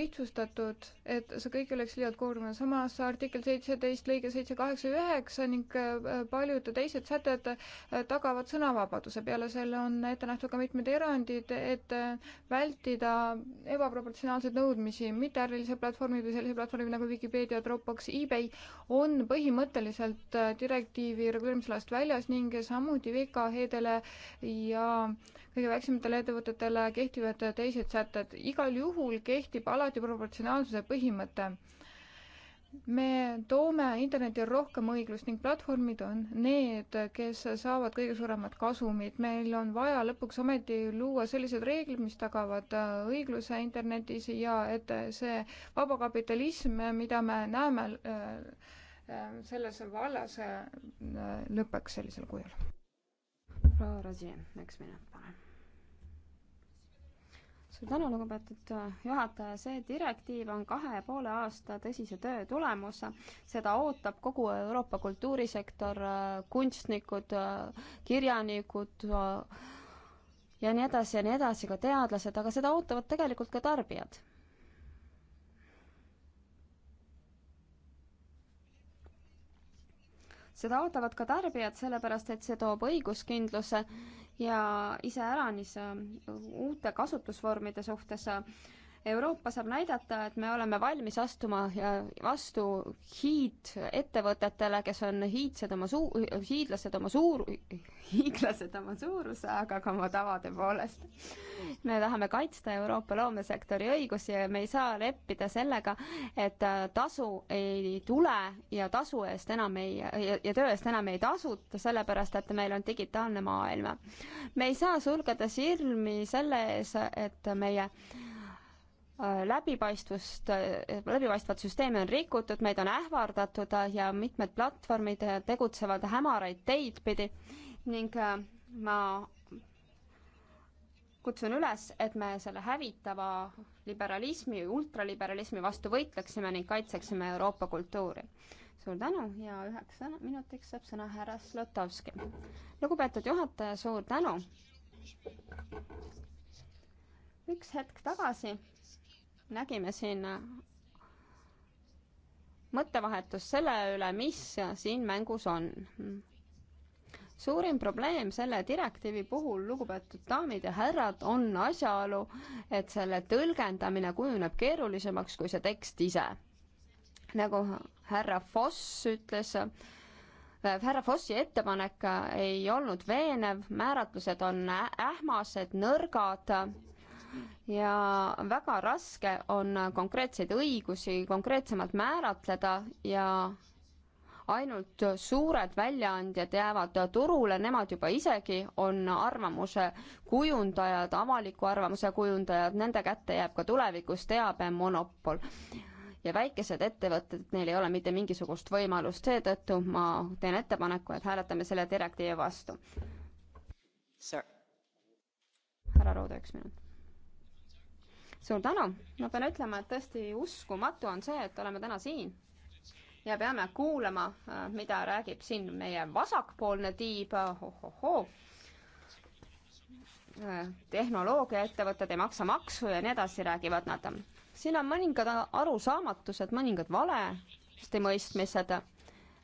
Speaker 1: lihtsustatud et see kõik oleks liialt koormav. samas artikkel seitseteist lõige seitse, kaheksa, üheksa ning äh, paljud teised sätted äh, tagavad sõnavabaduse. peale selle on ette nähtud ka mitmed erandid, et äh, vältida ebaproportsionaalseid nõudmisi. mitteärilise platvormi või sellise platvormi nagu Vikipeedia, Dropbox, eBay on põhimõtteliselt direktiivi reguleerimisalast väljas ning samuti VKH-dele ja kõige väiksematele ettevõtetele kehtivad teised sätted. igal juhul kehtib alati proportsionaalsuse põhimõte põhimõte. me toome interneti rohkem õiglust ning platvormid on need, kes saavad kõige suuremat kasumit. meil on vaja lõpuks ometi luua sellised reeglid, mis tagavad äh, õigluse internetis ja et see vaba kapitalism, mida me näeme äh, äh,
Speaker 3: selles vallas, lõpeks sellisel kujul. proua Rosi, üks minut, palun suur tänu, lugupeetud äh, juhataja, see direktiiv on kahe ja poole aasta tõsise töö tulemus, seda ootab kogu Euroopa kultuurisektor, äh, kunstnikud, äh, kirjanikud ja nii edasi ja nii edasi, ka teadlased, aga seda ootavad tegelikult ka tarbijad. seda ootavad ka tarbijad, sellepärast et see toob õiguskindluse ja iseäranis äh, uute kasutusvormide suhtes äh, Euroopa saab näidata, et me oleme valmis astuma vastu hiidettevõtetele, kes on hiidsed oma suu-, hiidlased oma suur-, hiidlased oma suuruse, aga ka oma tavade poolest. me tahame kaitsta Euroopa loomesektori õigusi ja me ei saa leppida sellega, et äh, tasu ei tule ja tasu eest enam ei, ja, ja töö eest enam ei tasuta, sellepärast et meil on digitaalne maailm. me ei saa sulgeda silmi selle ees, et meie Äh, läbipaistvust, äh, läbipaistvat süsteemi on rikutud, meid on ähvardatud äh, ja mitmed platvormid tegutsevad hämaraid teid pidi ning ma kutsun üles, et me selle hävitava liberalismi, ultraliberalismi vastu võitleksime ning kaitseksime Euroopa kultuuri. suur tänu ja üheks minutiks saab sõna härra Slotovski. lugupeetud juhataja, suur tänu! üks hetk tagasi nägime siin äh, mõttevahetust selle üle, mis siin mängus on. suurim probleem selle direktiivi puhul, lugupeetud daamid ja härrad, on asjaolu, et selle tõlgendamine kujuneb keerulisemaks kui see tekst ise. nagu härra Foss ütles, äh, härra Fossi ettepanek äh, ei olnud veenev, määratlused on ähmased, nõrgad ja väga raske on konkreetseid õigusi konkreetsemalt määratleda ja ainult suured väljaandjad jäävad turule, nemad juba isegi on arvamuse kujundajad, avaliku arvamuse kujundajad, nende kätte jääb ka tulevikus teabemonopol. ja väikesed ettevõtted, neil ei ole mitte mingisugust võimalust, seetõttu ma teen ettepaneku, et hääletame selle direktiivi vastu. härra Roode, üks minut suur tänu, ma pean ütlema, et tõesti uskumatu on see, et oleme täna siin ja peame kuulama, äh, mida räägib siin meie vasakpoolne tiib oh,, ohohoo oh.. Äh, tehnoloogiaettevõtted ei maksa maksu ja nii edasi, räägivad nad. siin on mõningad arusaamatused, mõningad valesti mõistmised.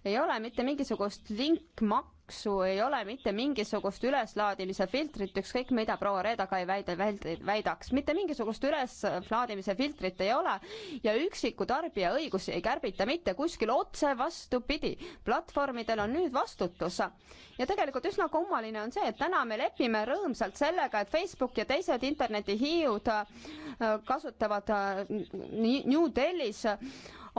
Speaker 3: ei ole mitte mingisugust link-, maksu ei ole mitte mingisugust üleslaadimise filtrit, ükskõik mida proua Reeda ka ei väida, väidaks, mitte mingisugust üleslaadimise filtrit ei ole ja üksiku tarbija õigusi ei kärbita mitte kuskil, otse vastupidi. platvormidel on nüüd vastutus. ja tegelikult üsna kummaline on see, et täna me lepime rõõmsalt sellega, et Facebook ja teised internetihiiud äh, kasutavad äh, New Delhis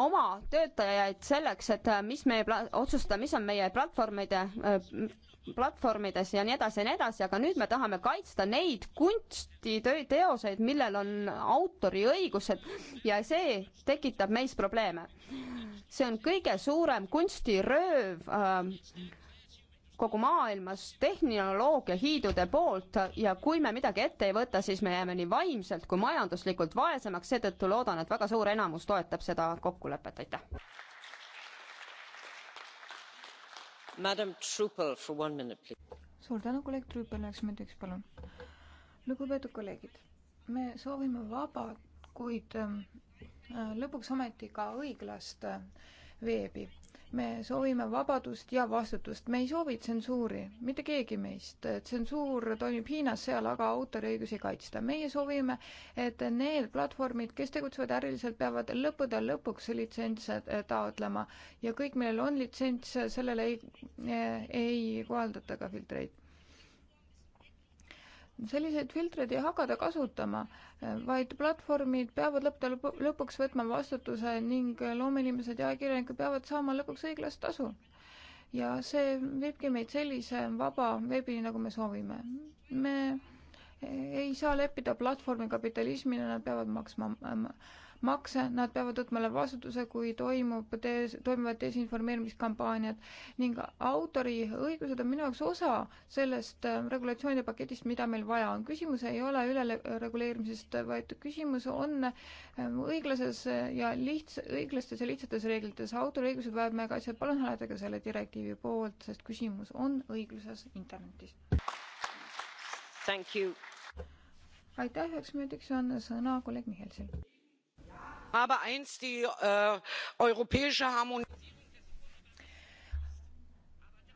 Speaker 3: oma töötajaid selleks, et äh, mis meie pla-, otsustada, mis on meie platvormide äh, platvormides ja nii edasi ja nii edasi, aga nüüd me tahame kaitsta neid kunstitöö teoseid, millel on autoriõigused ja see tekitab meis probleeme. see on kõige suurem kunstirööv äh, kogu maailmas tehnoloogiahiidude poolt ja kui me midagi ette ei võta, siis me jääme nii vaimselt kui majanduslikult vaesemaks, seetõttu loodan, et väga suur enamus toetab seda kokkulepet, aitäh.
Speaker 1: suur tänu, kolleeg Trüüpel, üheks minutiks, palun. lugupeetud kolleegid, me soovime vaba, kuid ähm, äh, lõpuks ometi ka õiglast äh, veebi me soovime vabadust ja vastutust, me ei soovi tsensuuri, mitte keegi meist. tsensuur toimib Hiinas, seal aga autoriõigusi kaitsta. meie soovime, et need platvormid, kes tegutsevad äriliselt, peavad lõppude lõpuks litsentse eh, taotlema ja kõik, millel on litsents, sellele ei, eh, ei kohaldata ka filtreid selliseid filtreid ei hakata kasutama, vaid platvormid peavad lõppude lõpuks võtma vastutuse ning loomeinimesed ja ajakirjanikud peavad saama lõpuks õiglast tasu. ja see viibki meid sellise vaba veebini, nagu me soovime. me ei saa leppida platvormikapitalismina, nad peavad maksma makse, nad peavad võtma vastutuse, kui toimub des-, toimuvad desinformeerimiskampaaniad ning autoriõigused on minu jaoks osa sellest äh, regulatsioonide paketist, mida meil vaja on. küsimus ei ole ülereguleerimisest, vaid küsimus on äh, õiglases ja lihts-, õiglastes ja lihtsates reeglites. autoriõigused vajavad meie kaitset, palun hääletage selle direktiivi poolt, sest küsimus on õigluses internetis. aitäh, üheks minutiks on sõna kolleeg Mihhelsil
Speaker 2: habe einst die äh, europäische harmonisierung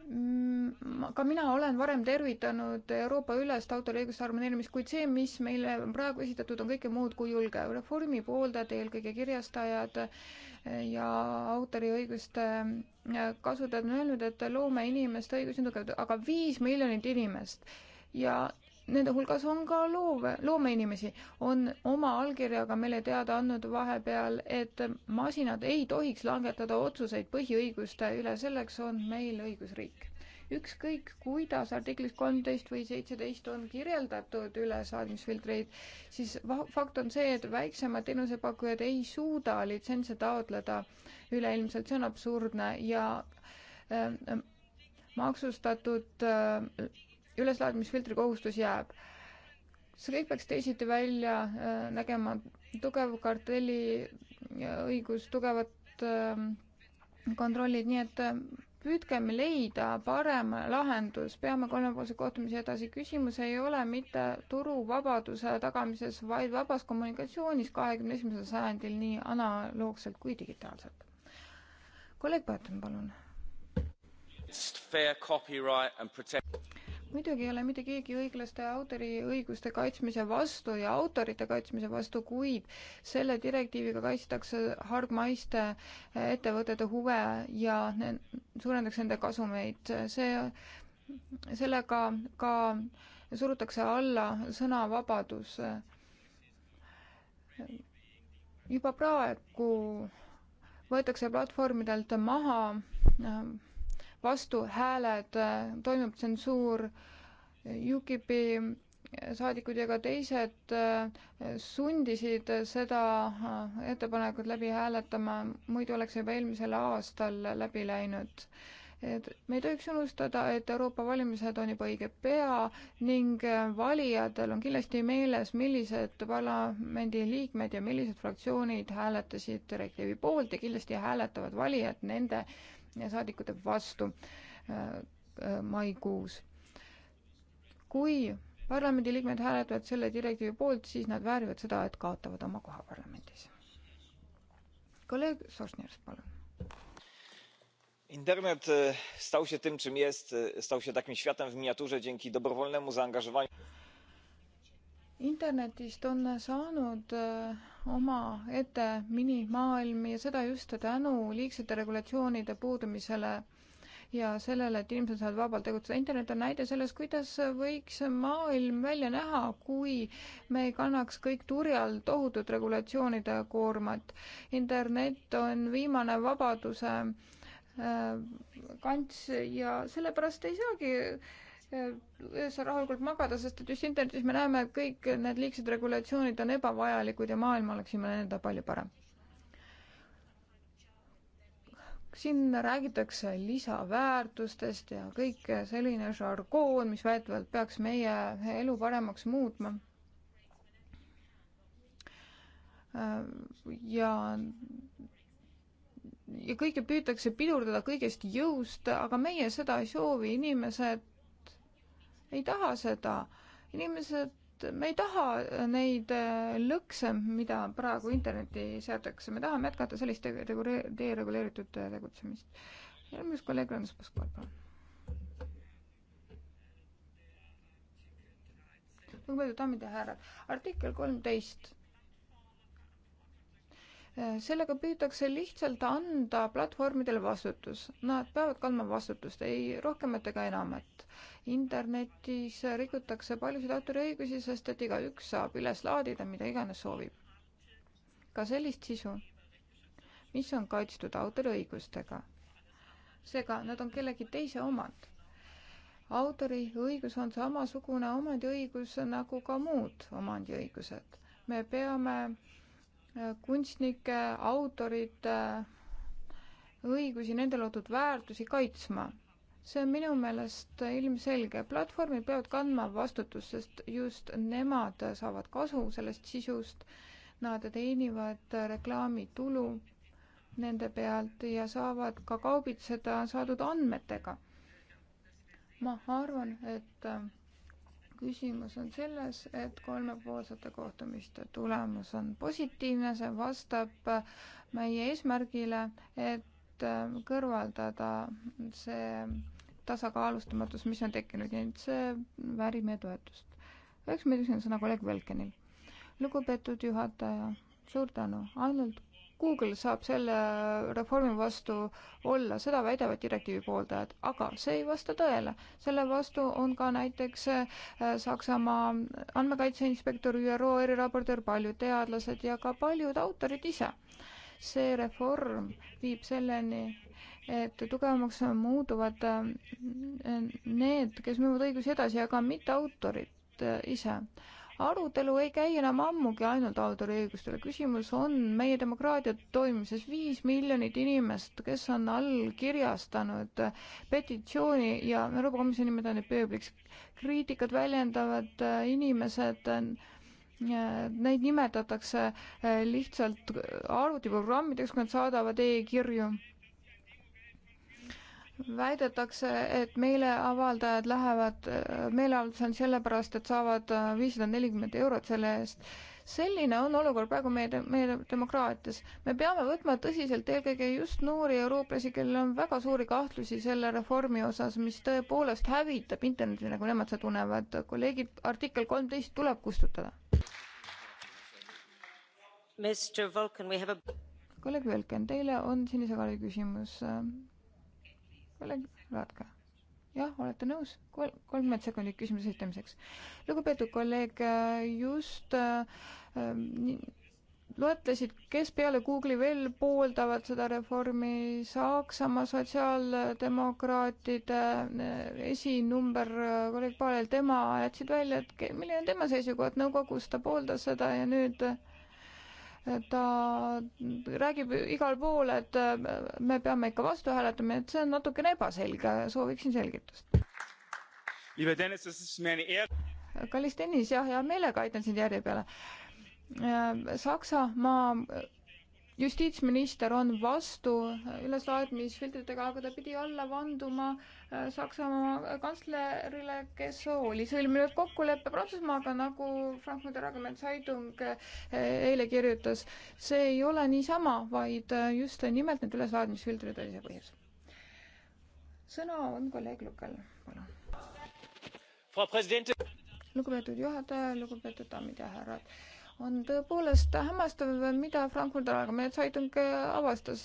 Speaker 1: mm, ka mina olen varem tervitanud Euroopa ülest autoriõiguste harmoneerimist, kuid see, mis meile on praegu esitatud, on kõike muud kui julge. reformi pooldajad, eelkõige kirjastajad äh, ja autoriõiguste äh, kasutajad on öelnud, et loome inimeste õigusi tugevdada, aga viis miljonit inimest ja Nende hulgas on ka loove, loomeinimesi, on oma allkirjaga meile teada andnud vahepeal, et masinad ei tohiks langetada otsuseid põhiõiguste üle, selleks on meil õigusriik. ükskõik, kuidas artiklis kolmteist või seitseteist on kirjeldatud ülesaadmisfiltreid, siis fakt on see, et väiksemad teenusepakkujad ei suuda litsentse taotleda üleilmselt, see on absurdne ja äh, maksustatud äh, üleslaadimisfiltri kohustus jääb. see kõik peaks teisiti välja äh, nägema, tugev kartelli äh, õigus, tugevad ähm, kontrollid, nii et äh, püüdkem leida parem lahendus, peame kolmepoolse kohtumise edasi. küsimus ei ole mitte turuvabaduse tagamises, vaid vabas kommunikatsioonis kahekümne esimesel sajandil nii analoogselt kui digitaalselt. kolleeg Paeten, palun muidugi ei ole mitte keegi õiglaste autoriõiguste kaitsmise vastu ja autorite kaitsmise vastu, kuid selle direktiiviga kaitstakse hargmaiste ettevõtete huve ja ne-, suurendatakse nende kasumeid. see, sellega ka surutakse alla sõnavabadus. juba praegu võetakse platvormidelt maha vastuhääled, toimub tsensuur, UKIP-i saadikud ja ka teised äh, sundisid seda äh, ettepanekut läbi hääletama, muidu oleks juba eelmisel aastal läbi läinud et me ei tohiks unustada, et Euroopa valimised on juba õige pea ning äh, valijatel on kindlasti meeles, millised parlamendiliikmed ja millised fraktsioonid hääletasid direktiivi poolt ja kindlasti hääletavad valijad nende saadikute vastu äh, äh, maikuus. kui parlamendiliikmed hääletavad selle direktiivi poolt, siis nad väärivad seda, et kaotavad oma koha parlamendis. kolleeg Sosnjärv, palun. Internet e, stał się tym, czym jest, e, stał się takim światem w miniaturze dzięki dobrowolnemu zaangażowaniu internetist on saanud e, omaette minimaailmi ja seda just tänu liigsete regulatsioonide puudumisele ja sellele, et inimesed saavad vabalt tegutseda. internet on näide sellest, kuidas võiks maailm välja näha, kui me ei kannaks kõik turjal tohutut regulatsioonide koormat. internet on viimane vabaduse äh, kants ja sellepärast ei saagi Äh, öösel rahulikult magada, sest et just internetis me näeme, et kõik need liigsed regulatsioonid on ebavajalikud ja maailm oleks ilma nendeta palju parem. siin räägitakse lisaväärtustest ja kõik selline žargoon, mis väidetavalt peaks meie elu paremaks muutma. Äh, ja ja kõike püütakse pidurdada kõigest jõust, aga meie seda ei soovi, inimesed ei taha seda. inimesed, me ei taha neid äh, lõkse, mida praegu interneti seatakse, me tahame jätkata sellist dereguleeritud äh, tegutsemist. järgmiseks kolleeg Randus Paskval, palun. lugupeetud daamid ja härrad, artikkel kolmteist Äh, sellega püütakse lihtsalt anda platvormidele vastutus. Nad peavad kandma vastutust, ei rohkemat ega enamat. internetis rikutakse paljusid autoriõigusi, sest et igaüks saab üles laadida, mida iganes soovib. ka sellist sisu, mis on kaitstud autoriõigustega. seega nad on kellegi teise omad. autoriõigus on samasugune omandiõigus nagu ka muud omandiõigused. me peame kunstnike, autorite õigusi, nende loodud väärtusi kaitsma. see on minu meelest ilmselge, platvormid peavad kandma vastutust, sest just nemad saavad kasu sellest sisust, nad teenivad reklaamitulu nende pealt ja saavad ka kaubitseda saadud andmetega. ma arvan, et küsimus on selles, et kolmepoolsete kohtumiste tulemus on positiivne, see vastab meie eesmärgile, et äh, kõrvaldada see tasakaalustamatus, mis on tekkinud ja nüüd see väärib meie toetust. üheks minutiks on sõna kolleeg Velkenil. lugupeetud juhataja, suur tänu, ainult Google saab selle reformi vastu olla, seda väidavad direktiivi pooldajad, aga see ei vasta tõele. selle vastu on ka näiteks äh, Saksamaa andmekaitse inspektor, ÜRO eriraportöör, paljud teadlased ja ka paljud autorid ise. see reform viib selleni, et tugevamaks muutuvad äh, need, kes müüvad õigusi edasi, aga mitte autorid äh, ise arutelu ei käi enam ammugi ainult autoriõigustele, küsimus on meie demokraatia toimimises. viis miljonit inimest, kes on allkirjastanud petitsiooni ja Euroopa Komisjoni nimelt on pööbliks. kriitikat väljendavad äh, inimesed äh, Neid nimetatakse äh, lihtsalt arvutiprogrammideks, kui nad saadavad e-kirju väidetakse, et meeleavaldajad lähevad äh, meeleavaldusel sellepärast, et saavad äh, viissada nelikümmend eurot selle eest. selline on olukord praegu meie, meie demokraatias. me peame võtma tõsiselt eelkõige just noori eurooplasi, kellel on väga suuri kahtlusi selle reformi osas, mis tõepoolest hävitab interneti, nagu nemad seda tunnevad. kolleegid, artikkel kolmteist tuleb kustutada. kolleeg Völken, teile on sinise kaardi küsimus kolleeg Vladka. jah, olete nõus? kolm, kolmkümmend sekundit küsimuse esitamiseks. lugupeetud kolleeg, just äh, äh loetlesid, kes peale Google'i veel pooldavad seda reformi, Saksamaa sotsiaaldemokraatide äh, esinumber äh, kolleeg Pavel, tema jätsid välja, et milline on tema seisukoht, nõukogus ta pooldas seda ja nüüd äh, ta räägib igal pool, et äh, me peame ikka vastu hääletama, et see on natukene ebaselge, sooviksin selgitust. kallis Tõnis, jah, hea meelega aitan sind järje peale. Äh, Saksamaa justiitsminister on vastu üleslaadimisfiltritega, aga ta pidi alla vanduma äh, Saksamaa kantslerile, kes oli sõlminud kokkuleppe Prantsusmaaga, nagu Frankfurdi Allgemeine Zeitung äh, eile kirjutas. see ei ole niisama, vaid äh, just nimelt need üleslaadimisfiltrid oli see põhjus. sõna on kolleeg Lukel, palun. lugupeetud juhataja, lugupeetud daamid ja härrad on tõepoolest hämmastav, mida Frankfurdi ajakirja Zeitung avastas.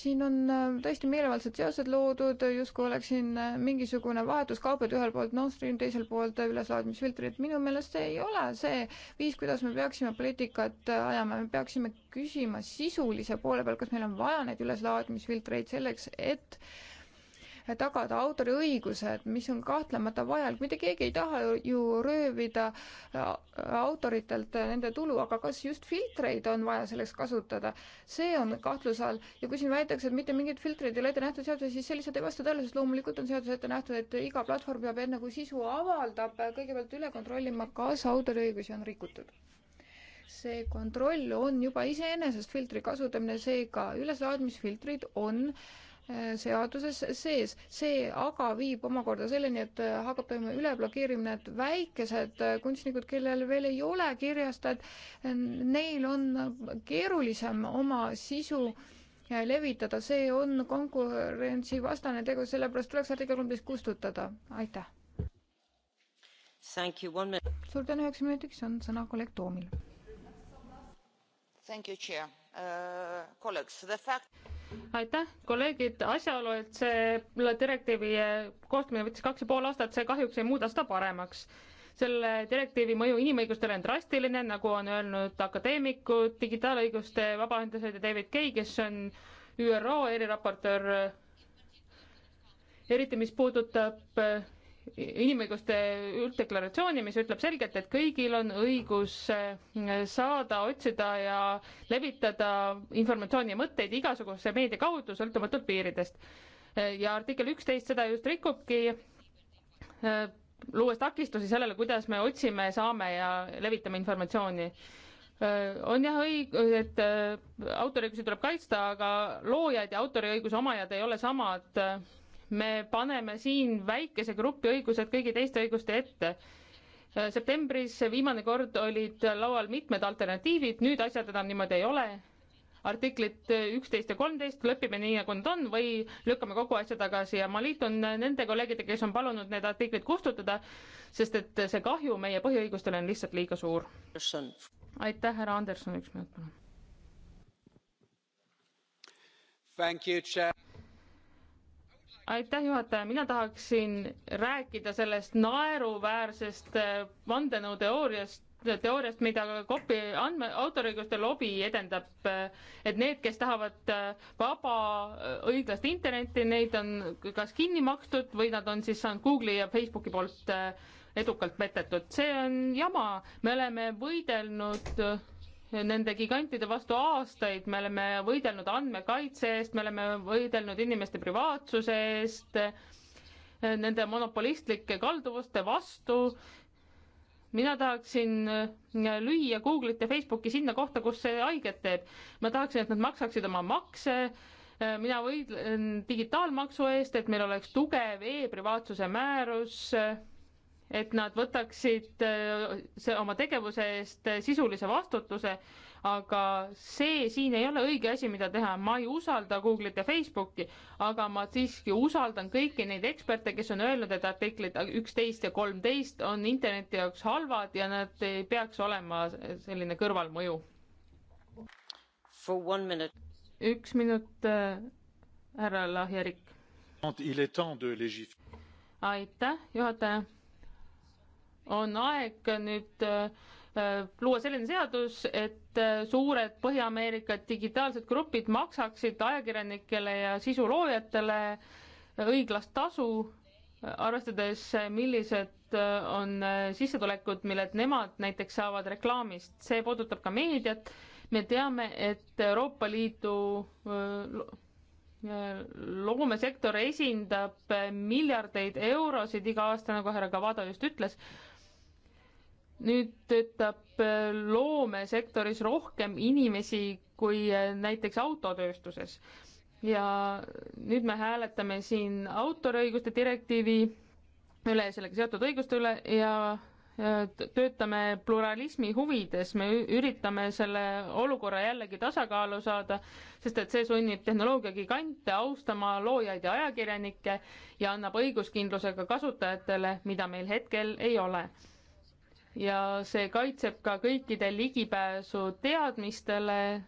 Speaker 1: siin on äh, tõesti meelevaldsed seosed loodud, justkui oleks siin äh, mingisugune vahetuskaubad ühel poolt Nord Stream, teisel poolt üleslaadimisfiltrid. minu meelest see ei ole see viis, kuidas me peaksime poliitikat äh, ajama, me peaksime küsima sisulise poole peal, kas meil on vaja neid üleslaadimisfiltreid selleks, et äh, tagada autoriõigused, mis on kahtlemata vajalik, mitte keegi ei taha ju röövida äh, autoritelt nende tulu, aga kas just filtreid on vaja selleks kasutada, see on kahtluse all ja kui siin väidetakse, et mitte mingeid filtreid ei ole ette nähtud seaduses, siis see lihtsalt ei vasta tõele, sest loomulikult on seaduses ette nähtud, et iga platvorm peab enne, kui sisu avaldab, kõigepealt üle kontrollima, kas autoriõigusi on rikutud see kontroll on juba iseenesest filtri kasutamine, seega üleslaadimisfiltrid on äh, Äh, seaduses sees. see aga viib omakorda selleni, et äh, hakkab toimuma üleblokeerimine, et väikesed äh, kunstnikud, kellel veel ei ole kirjastajat, neil on keerulisem oma sisu levitada, see on konkurentsivastane tegu, sellepärast tuleks artikkel kolmteist kustutada, aitäh.
Speaker 3: suur
Speaker 1: tänu, üheks minutiks on sõna kolleeg Toomil. Uh, fact
Speaker 2: aitäh, kolleegid, asjaolu, et selle direktiivi eh, koostamine võttis kaks ja pool aastat, see kahjuks ei muuda seda paremaks. selle direktiivi mõju inimõigustele on drastiline, nagu on öelnud akadeemikud, digitaalõiguste vabaühendused ja David Kay, kes on ÜRO eriraportöör, eriti mis puudutab eh, inimõiguste ülddeklaratsiooni, mis ütleb selgelt, et kõigil on õigus eh, saada, otsida ja levitada informatsiooni ja mõtteid igasuguse meedia kaudu, sõltumatult piiridest. Eh, ja artikkel üksteist seda just rikubki, eh, luues takistusi sellele, kuidas me otsime, saame ja levitame informatsiooni on jah õig-, et autoriõigusi tuleb kaitsta, aga loojad ja autoriõiguse omajad ei ole samad me paneme siin väikese grupi õigused kõigi teiste õiguste ette. septembris viimane kord olid laual mitmed alternatiivid, nüüd asjad enam niimoodi ei ole. artiklid üksteist ja kolmteist lõpime nii, nagu nad on või lükkame kogu asja tagasi ja ma liitun nende kolleegidega, kes on palunud need artiklid kustutada, sest et see kahju meie põhiõigustele on lihtsalt liiga suur. aitäh, härra Anderson, üks minut palun aitäh, juhataja, mina tahaksin rääkida sellest naeruväärsest eh, vandenõuteooriast, teooriast, mida kopi andme, autoriõiguste lobi edendab, eh, et need, kes tahavad eh, vaba õiglast internetti, neid on kas kinni makstud või nad on siis saanud Google'i ja Facebooki poolt edukalt petetud. see on jama, me oleme võidelnud nende gigantide vastu aastaid, me oleme võidelnud andmekaitse eest, me oleme võidelnud inimeste privaatsuse eest, nende monopolistlike kalduvuste vastu. mina tahaksin lüüa Google'it ja Facebooki sinna kohta, kus see haiget teeb. ma tahaksin, et nad maksaksid oma makse, mina võidlen digitaalmaksu eest, et meil oleks tugev e-privaatsuse määrus et nad võtaksid äh, see oma tegevuse eest sisulise vastutuse, aga see siin ei ole õige asi, mida teha. ma ei usalda Google'it ja Facebooki, aga ma siiski usaldan kõiki neid eksperte, kes on öelnud, et artiklid üksteist ja kolmteist on interneti jaoks halvad ja nad ei peaks olema selline kõrvalmõju. üks minut, äh, härra Lahjarik. aitäh, juhataja on aeg nüüd äh, luua selline seadus, et äh, suured Põhja-Ameerika digitaalsed grupid maksaksid ajakirjanikele ja sisuloojatele õiglast tasu, arvestades, millised äh, on sissetulekud, mille nemad näiteks saavad reklaamist. see puudutab ka meediat. me teame, et Euroopa Liidu loomesektor esindab miljardeid eurosid iga aasta, nagu härra Kavada just ütles nüüd töötab äh, loomesektoris rohkem inimesi kui äh, näiteks autotööstuses. ja nüüd me hääletame siin autoriõiguste direktiivi üle, sellega seotud õiguste üle ja töötame pluralismi huvides, me üritame selle olukorra jällegi tasakaalu saada, sest et see sunnib tehnoloogia gigante austama loojaid ja ajakirjanikke ja annab õiguskindluse ka kasutajatele, mida meil hetkel ei ole ja see kaitseb ka kõikide ligipääsu teadmistele,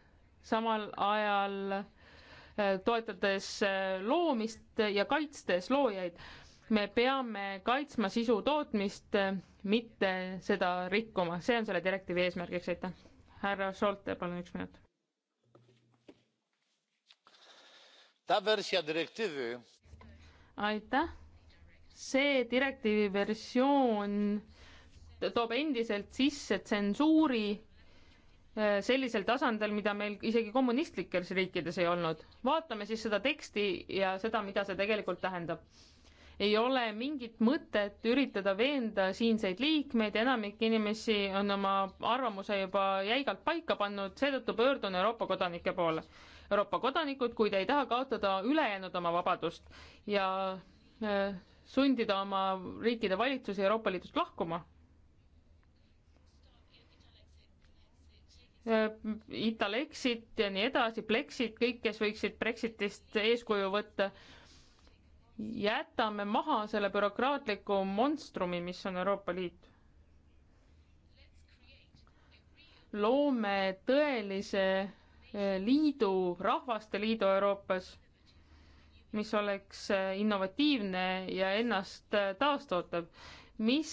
Speaker 2: samal ajal äh, toetades äh, loomist ja kaitstes loojaid. me peame kaitsma sisu tootmist, äh, mitte seda rikkuma, see on selle direktiivi eesmärgiks, aitäh. härra Scholte, palun üks minut. aitäh, see direktiivi versioon toob endiselt sisse tsensuuri äh, sellisel tasandil, mida meil isegi kommunistlikes riikides ei olnud. vaatame siis seda teksti ja seda, mida see tegelikult tähendab. ei ole mingit mõtet üritada veenda siinseid liikmeid, enamik inimesi on oma arvamuse juba jäigalt paika pannud, seetõttu pöördun Euroopa kodanike poole. Euroopa kodanikud, kui te ei taha kaotada ülejäänud oma vabadust ja äh, sundida oma riikide valitsusi Euroopa Liidust lahkuma, Italexit ja nii edasi, Plexit, kõik, kes võiksid Brexitist eeskuju võtta, jätame maha selle bürokraatliku monstrumi, mis on Euroopa Liit. loome tõelise eh, liidu, rahvaste liidu Euroopas, mis oleks eh, innovatiivne ja ennast eh, taastootav, mis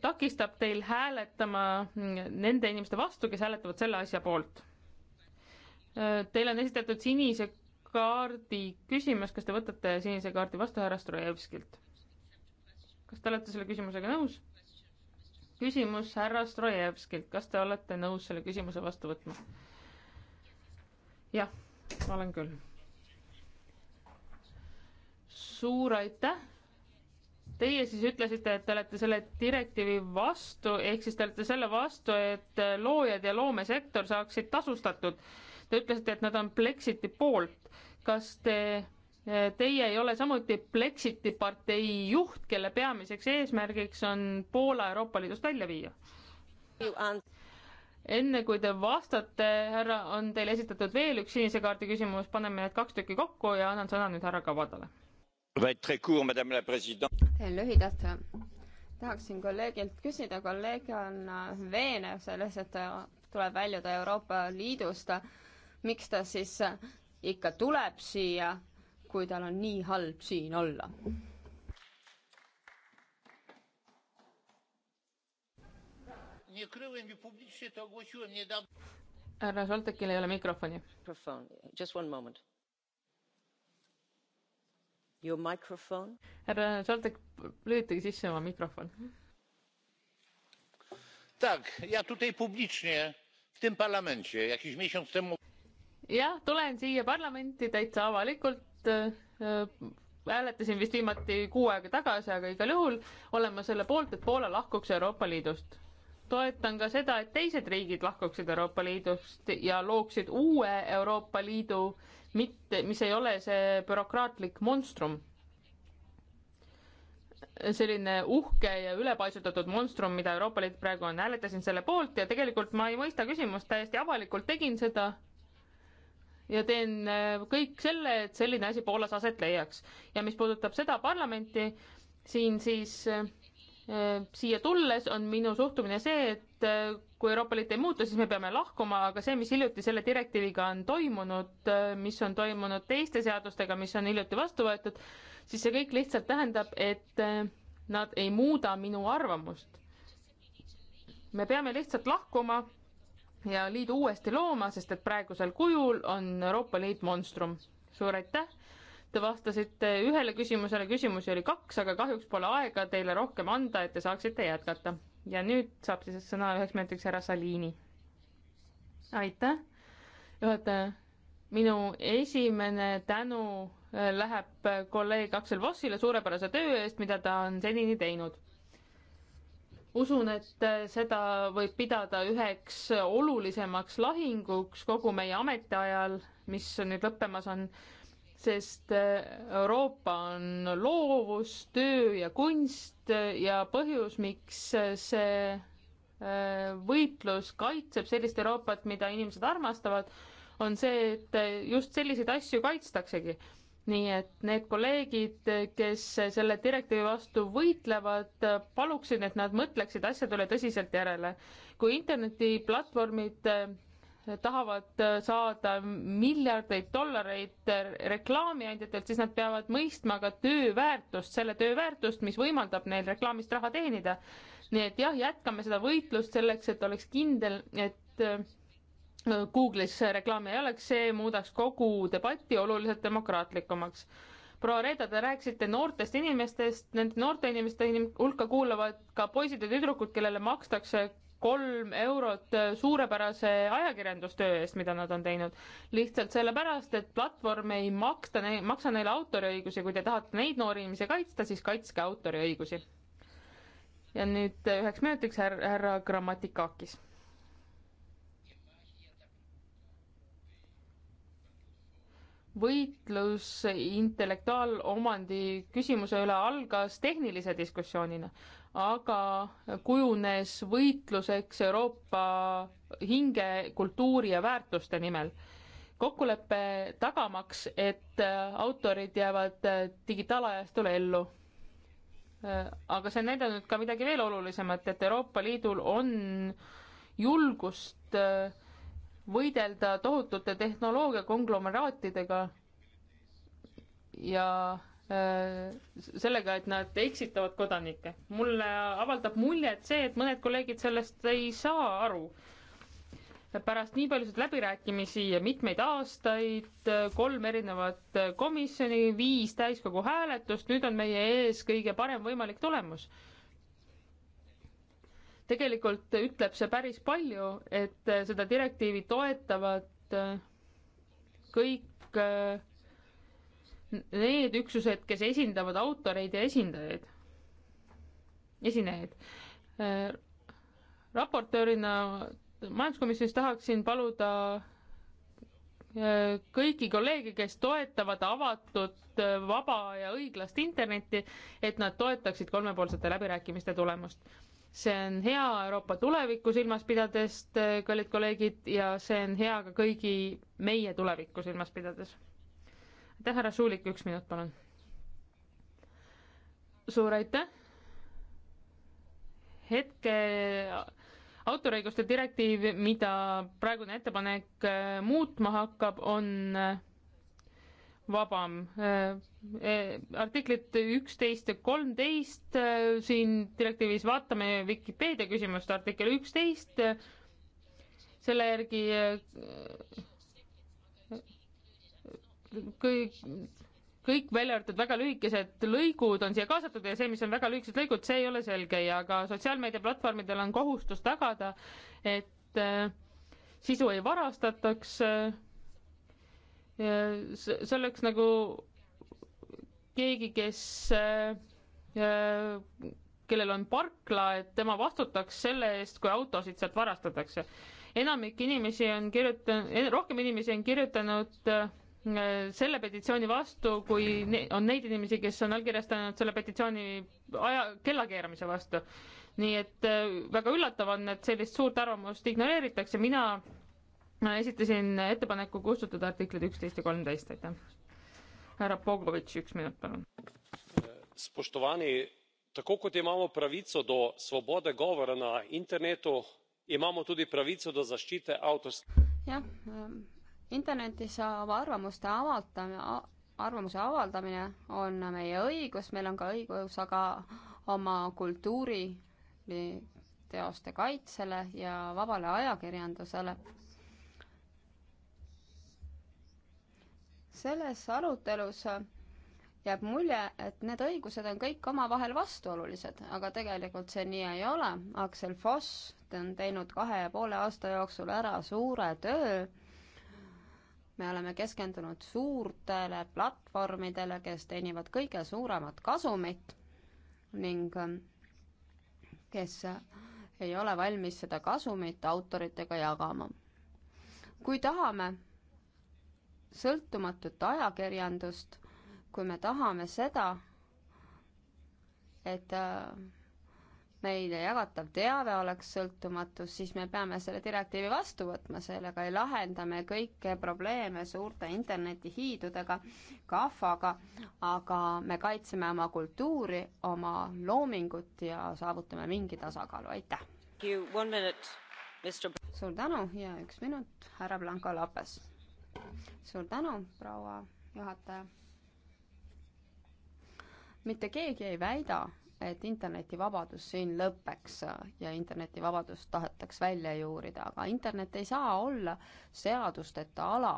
Speaker 2: takistab teil hääletama nende inimeste vastu, kes hääletavad selle asja poolt. Teile on esitatud sinise kaardi küsimus, kas te võtate sinise kaardi vastu härra Strojevskilt? kas te olete selle küsimusega nõus? küsimus härra Strojevskilt, kas te olete nõus selle küsimuse vastu võtma? jah, olen küll. suur aitäh Teie siis ütlesite, et te olete selle direktiivi vastu, ehk siis te olete selle vastu, et loojad ja loomesektor saaksid tasustatud. Te ütlesite, et nad on Brexiti poolt. kas te, teie ei ole samuti Brexiti partei juht, kelle peamiseks eesmärgiks on Poola Euroopa Liidust välja viia? enne kui te vastate, härra, on teile esitatud veel üks sinise kaardi küsimus, paneme need kaks tükki kokku ja annan sõna nüüd härra Kavadale teen
Speaker 3: lühidalt. tahaksin kolleegilt küsida, kolleeg on äh, veenev selles, et äh, tuleb väljuda Euroopa Liidust. miks ta siis äh, ikka tuleb siia, kui tal on nii halb siin olla?
Speaker 2: härra Soltekil ei ole mikrofoni. Mikrofon, just one moment härra Šoltek, lülitage sisse oma mikrofon. jah, tulen siia parlamenti täitsa avalikult äh, hääletasin vist viimati kuu aega tagasi, aga igal juhul olen ma selle poolt, et Poola lahkuks Euroopa Liidust. toetan ka seda, et teised riigid lahkuksid Euroopa Liidust ja looksid uue Euroopa Liidu mitte, mis ei ole see bürokraatlik monstrum, selline uhke ja ülepaisutatud monstrum, mida Euroopa Liit praegu on, hääletasin selle poolt ja tegelikult ma ei mõista küsimust, täiesti avalikult tegin seda ja teen äh, kõik selle, et selline asi Poolas aset leiaks. ja mis puudutab seda parlamenti, siin siis äh, Äh, siia tulles on minu suhtumine see, et äh, kui Euroopa Liit ei muutu, siis me peame lahkuma, aga see, mis hiljuti selle direktiiviga on toimunud, äh, mis on toimunud teiste seadustega, mis on hiljuti vastu võetud, siis see kõik lihtsalt tähendab, et nad ei muuda minu arvamust. me peame lihtsalt lahkuma ja liidu uuesti looma, sest et praegusel kujul on Euroopa Liit monstrum. suur aitäh Te vastasite ühele küsimusele, küsimusi oli kaks, aga kahjuks pole aega teile rohkem anda, et te saaksite jätkata. ja nüüd saab siis sõna üheks minutiks härra Salini. aitäh, juhataja. minu esimene tänu äh, läheb kolleeg Aksel Vossile suurepärase töö eest, mida ta on senini teinud. usun, et äh, seda võib pidada üheks olulisemaks lahinguks kogu meie ametiajal, mis nüüd lõppemas on sest äh, Euroopa on loovus, töö ja kunst äh, ja põhjus, miks äh, see võitlus kaitseb sellist Euroopat, mida inimesed armastavad, on see, et just selliseid asju kaitstaksegi. nii et need kolleegid, kes selle direktiivi vastu võitlevad, paluksin, et nad mõtleksid asjadele tõsiselt järele. kui internetiplatvormid tahavad äh, saada miljardeid dollareid äh, reklaamiandjatelt, siis nad peavad mõistma ka töö väärtust, selle töö väärtust, mis võimaldab neil reklaamist raha teenida. nii et jah, jätkame seda võitlust selleks, et oleks kindel, et äh, Google'is reklaami ei oleks, see muudaks kogu debatti oluliselt demokraatlikumaks. proua Reeda, te rääkisite noortest inimestest, nende noorte inimeste hulka kuuluvad ka poisid ja tüdrukud, kellele makstakse kolm eurot suurepärase ajakirjandustöö eest, mida nad on teinud. lihtsalt sellepärast, et platvorm ei maksta, maksa neile autoriõigusi, kui te tahate neid noori inimesi kaitsta, siis kaitske autoriõigusi. ja nüüd üheks minutiks härra, härra Grammatikakis võitlus intellektuaalomandi küsimuse üle algas tehnilise diskussioonina aga kujunes võitluseks Euroopa hinge, kultuuri ja väärtuste nimel. kokkulepe tagamaks, et autorid jäävad digitaalajastule ellu. aga see on näidanud ka midagi veel olulisemat, et Euroopa Liidul on julgust võidelda tohutute tehnoloogiakonglomeraatidega ja Äh, sellega, et nad eksitavad kodanikke. mulle avaldab muljet see, et mõned kolleegid sellest ei saa aru. pärast nii paljusid läbirääkimisi ja mitmeid aastaid, äh, kolm erinevat äh, komisjoni, viis täiskogu hääletust, nüüd on meie ees kõige parem võimalik tulemus. tegelikult ütleb see päris palju, et seda direktiivi toetavad kõik need üksused, kes esindavad autoreid ja esindajaid, esinejaid. Äh, raportöörina majanduskomisjonis tahaksin paluda äh, kõiki kolleege, kes toetavad avatud, äh, vaba ja õiglast internetti, et nad toetaksid kolmepoolsete läbirääkimiste tulemust. see on hea Euroopa tulevikku silmas pidades, kallid kolleegid, ja see on hea ka kõigi meie tulevikku silmas pidades aitäh, härra Suulik, üks minut, palun. suur aitäh. hetke autoriõiguste direktiiv, mida praegune ettepanek äh, muutma hakkab, on äh, vabam. Äh, artiklit üksteist ja kolmteist siin direktiivis vaatame Vikipeedia küsimust, artikkel üksteist, selle järgi kõik, kõik välja arvatud väga lühikesed lõigud on siia kaasatud ja see, mis on väga lühikesed lõigud, see ei ole selge ja ka sotsiaalmeediaplatvormidel on kohustus tagada, et äh, sisu ei varastataks. Äh, see oleks nagu keegi, kes, äh, kellel on parkla, et tema vastutaks selle eest, kui autosid sealt varastatakse. enamik inimesi on kirjutanud, rohkem inimesi on kirjutanud äh, selle petitsiooni vastu, kui on neid inimesi, kes on allkirjastanud selle petitsiooni aja, kellakeeramise vastu. nii et äh, väga üllatav on, et sellist suurt arvamust ignoreeritakse, mina äh, esitasin ettepaneku kustutada artiklid üksteist ja kolmteist, aitäh. härra Bogovitš, üks minut, palun.
Speaker 3: Spoštovani, tako kot imamo pravico do svobode govora na internetu, imamo tudi pravico do zaščite avtorskih. jah ähm internetis oma arvamuste avaldamine, arvamuse avaldamine on meie õigus, meil on ka õigus aga oma kultuuriteoste kaitsele ja vabale ajakirjandusele. selles arutelus jääb mulje, et need õigused on kõik omavahel vastuolulised, aga tegelikult see nii ei ole. Aksel Foss on teinud kahe ja poole aasta jooksul ära suure töö me oleme keskendunud suurtele platvormidele, kes teenivad kõige suuremat kasumit ning ähm, kes ei ole valmis seda kasumit autoritega jagama. kui tahame sõltumatut ajakirjandust, kui me tahame seda, et äh, meile jagatav teave oleks sõltumatu, siis me peame selle direktiivi vastu võtma, sellega ei lahenda me kõiki probleeme suurte internetihiidudega, kahvaga, aga me kaitseme oma kultuuri, oma loomingut ja saavutame mingi tasakaalu, aitäh! suur tänu ja üks minut, härra Blanco Lopes. suur tänu, proua juhataja. mitte keegi ei väida, et internetivabadus siin lõpeks ja internetivabadust tahetaks välja juurida, aga internet ei saa olla seadusteta ala,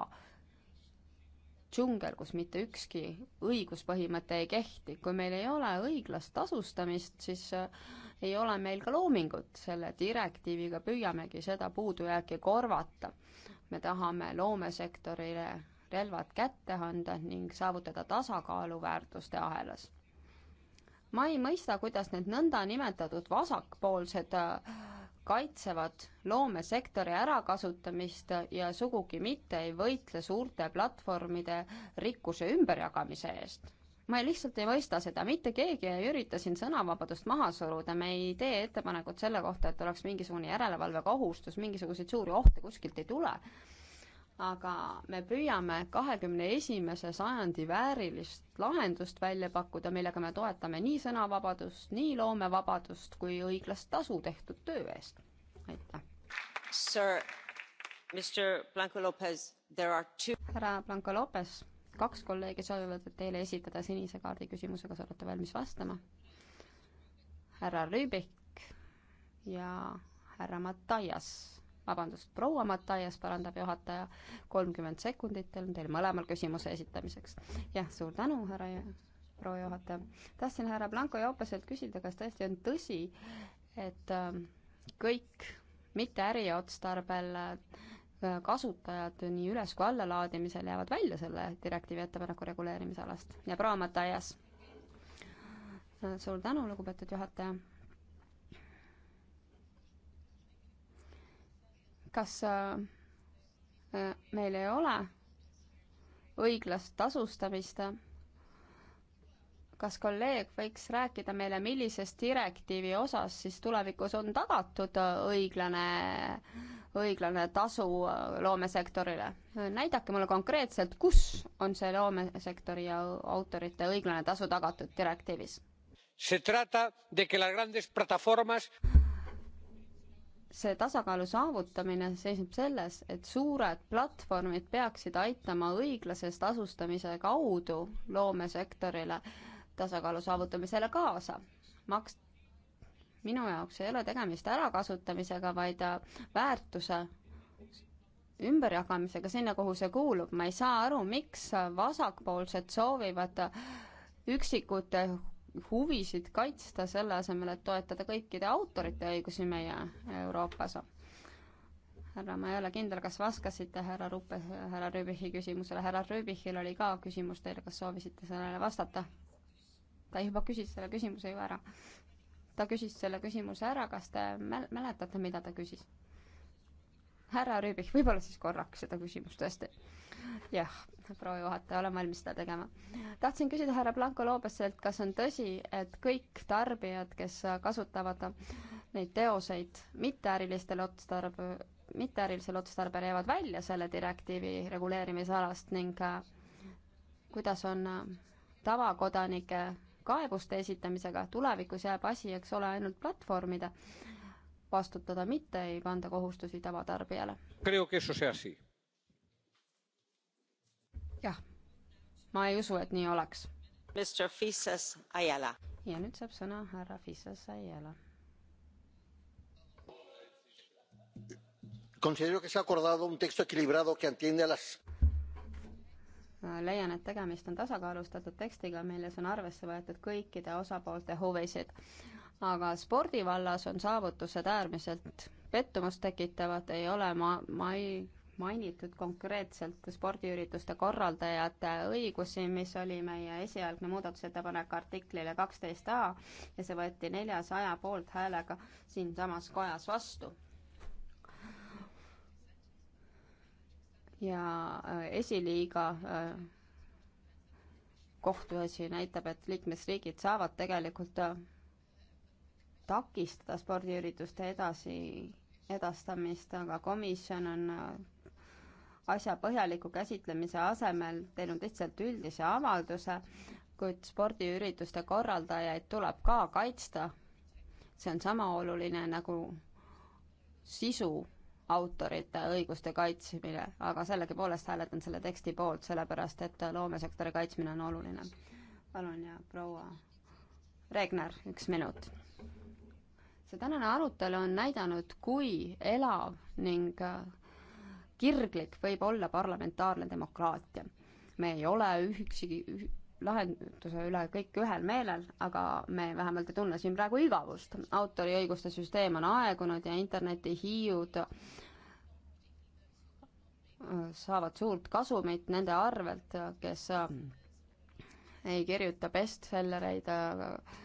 Speaker 3: džungel, kus mitte ükski õiguspõhimõte ei kehti. kui meil ei ole õiglast tasustamist, siis äh, ei ole meil ka loomingut. selle direktiiviga püüamegi seda puudujääki korvata. me tahame loomesektorile relvad kätte anda ning saavutada tasakaalu väärtuste ahelas ma ei mõista, kuidas need nõndanimetatud vasakpoolsed äh, kaitsevad loomesektori ärakasutamist ja sugugi mitte ei võitle suurte platvormide rikkuse ümberjagamise eest ma ei lihtsalt ei mõista seda, mitte keegi ei ürita siin sõnavabadust maha suruda, me ei tee ettepanekut selle kohta, et oleks mingisugune järelevalvekohustus, mingisuguseid suuri ohte kuskilt ei tule aga me püüame kahekümne esimese sajandi väärilist lahendust välja pakkuda, millega me toetame nii sõnavabadust, nii loomevabadust kui õiglast tasu tehtud töö eest. aitäh. härra Blanco Lopez, kaks kolleegi soovivad teile esitada sinise kaardi küsimuse, kas olete valmis vastama? härra Rüübik ja härra Matajas vabandust, proua Mataias parandab juhataja, kolmkümmend sekundit teil on teil mõlemal küsimuse esitamiseks. jah, suur tänu, härra proua juhataja. tahtsin härra Blanco Jopaselt küsida, kas tõesti on tõsi, et ähm, kõik mitte äriotstarbel äh, kasutajad nii üles kui alla laadimisel jäävad välja selle direktiivi ettepaneku reguleerimisalast ja proua Mataias. Äh, suur tänu, lugupeetud juhataja kas äh, äh, meil ei ole õiglast tasustamist? kas kolleeg võiks rääkida meile, millises direktiivi osas siis tulevikus on tagatud äh, õiglane, õiglane tasu loomesektorile? näidake mulle konkreetselt, kus on see loomesektori ja autorite õiglane tasu tagatud direktiivis?
Speaker 1: se trata de que las grandes plataformas
Speaker 3: see tasakaalu saavutamine seisneb selles, et suured platvormid peaksid aitama õiglase tasustamise kaudu loomesektorile tasakaalu saavutamisele kaasa. maks-, minu jaoks ei ole tegemist ärakasutamisega, vaid äh, väärtuse ümberjagamisega sinna, kuhu see kuulub. ma ei saa aru, miks vasakpoolsed soovivad äh, üksikute huvisid kaitsta, selle asemel, et toetada kõikide autorite õigusi meie Euroopas. härra, ma ei ole kindel, kas vastasite härra Ruppe, härra Rüübichi küsimusele, härra Rüübichil oli ka küsimus teile, kas soovisite sellele vastata? ta juba küsis selle küsimuse ju ära. ta küsis selle küsimuse ära, kas te mäl-, mäletate, mida ta küsis? härra Rüübich, võib-olla siis korraks seda küsimust tõesti jah, proua juhataja, olen valmis seda tegema. tahtsin küsida härra Blanco Loobeselt, kas on tõsi, et kõik tarbijad, kes kasutavad neid teoseid mitteärilistel otstarb-, mitteärilisel otstarbel, jäävad välja selle direktiivi reguleerimisalast ning äh, kuidas on äh, tavakodanike kaebuste esitamisega, tulevikus jääb asi, eks ole, ainult platvormide vastutada, mitte ei panda kohustusi tavatarbijale jah, ma ei usu, et nii oleks. ja nüüd saab sõna härra Fissas Ayala.
Speaker 1: considero que se ha acordado un texto equilibrado que atiende a las
Speaker 3: leian, et tegemist on tasakaalustatud tekstiga, milles on arvesse võetud kõikide osapoolte huvisid. aga spordivallas on saavutused äärmiselt pettumust tekitavad, ei ole ma, ma ei mainitud konkreetselt spordiürituste korraldajate õigusi, mis oli meie esialgne muudatusettepanek artiklile kaksteist A ja see võeti neljasaja poolthäälega siinsamas kojas vastu. ja äh, esiliiga äh, kohtuasi näitab, et liikmesriigid saavad tegelikult äh, takistada spordiürituste edasi edastamist, aga komisjon on asja põhjaliku käsitlemise asemel teinud lihtsalt üldise avalduse, kuid spordiürituste korraldajaid tuleb ka kaitsta. see on sama oluline nagu sisu autorite õiguste kaitsmine, aga sellegipoolest hääletan selle teksti poolt, sellepärast et loomesektori kaitsmine on oluline. palun ja proua Regner, üks minut. see tänane arutelu on näidanud, kui elav ning kirglik võib olla parlamentaarne demokraatia. me ei ole üksigi üh, lahenduse üle kõik ühel meelel, aga me vähemalt ei tunne siin praegu igavust. autoriõiguste süsteem on aegunud ja internetihiiud äh, saavad suurt kasumit nende arvelt, kes äh, ei kirjuta bestsellereid äh,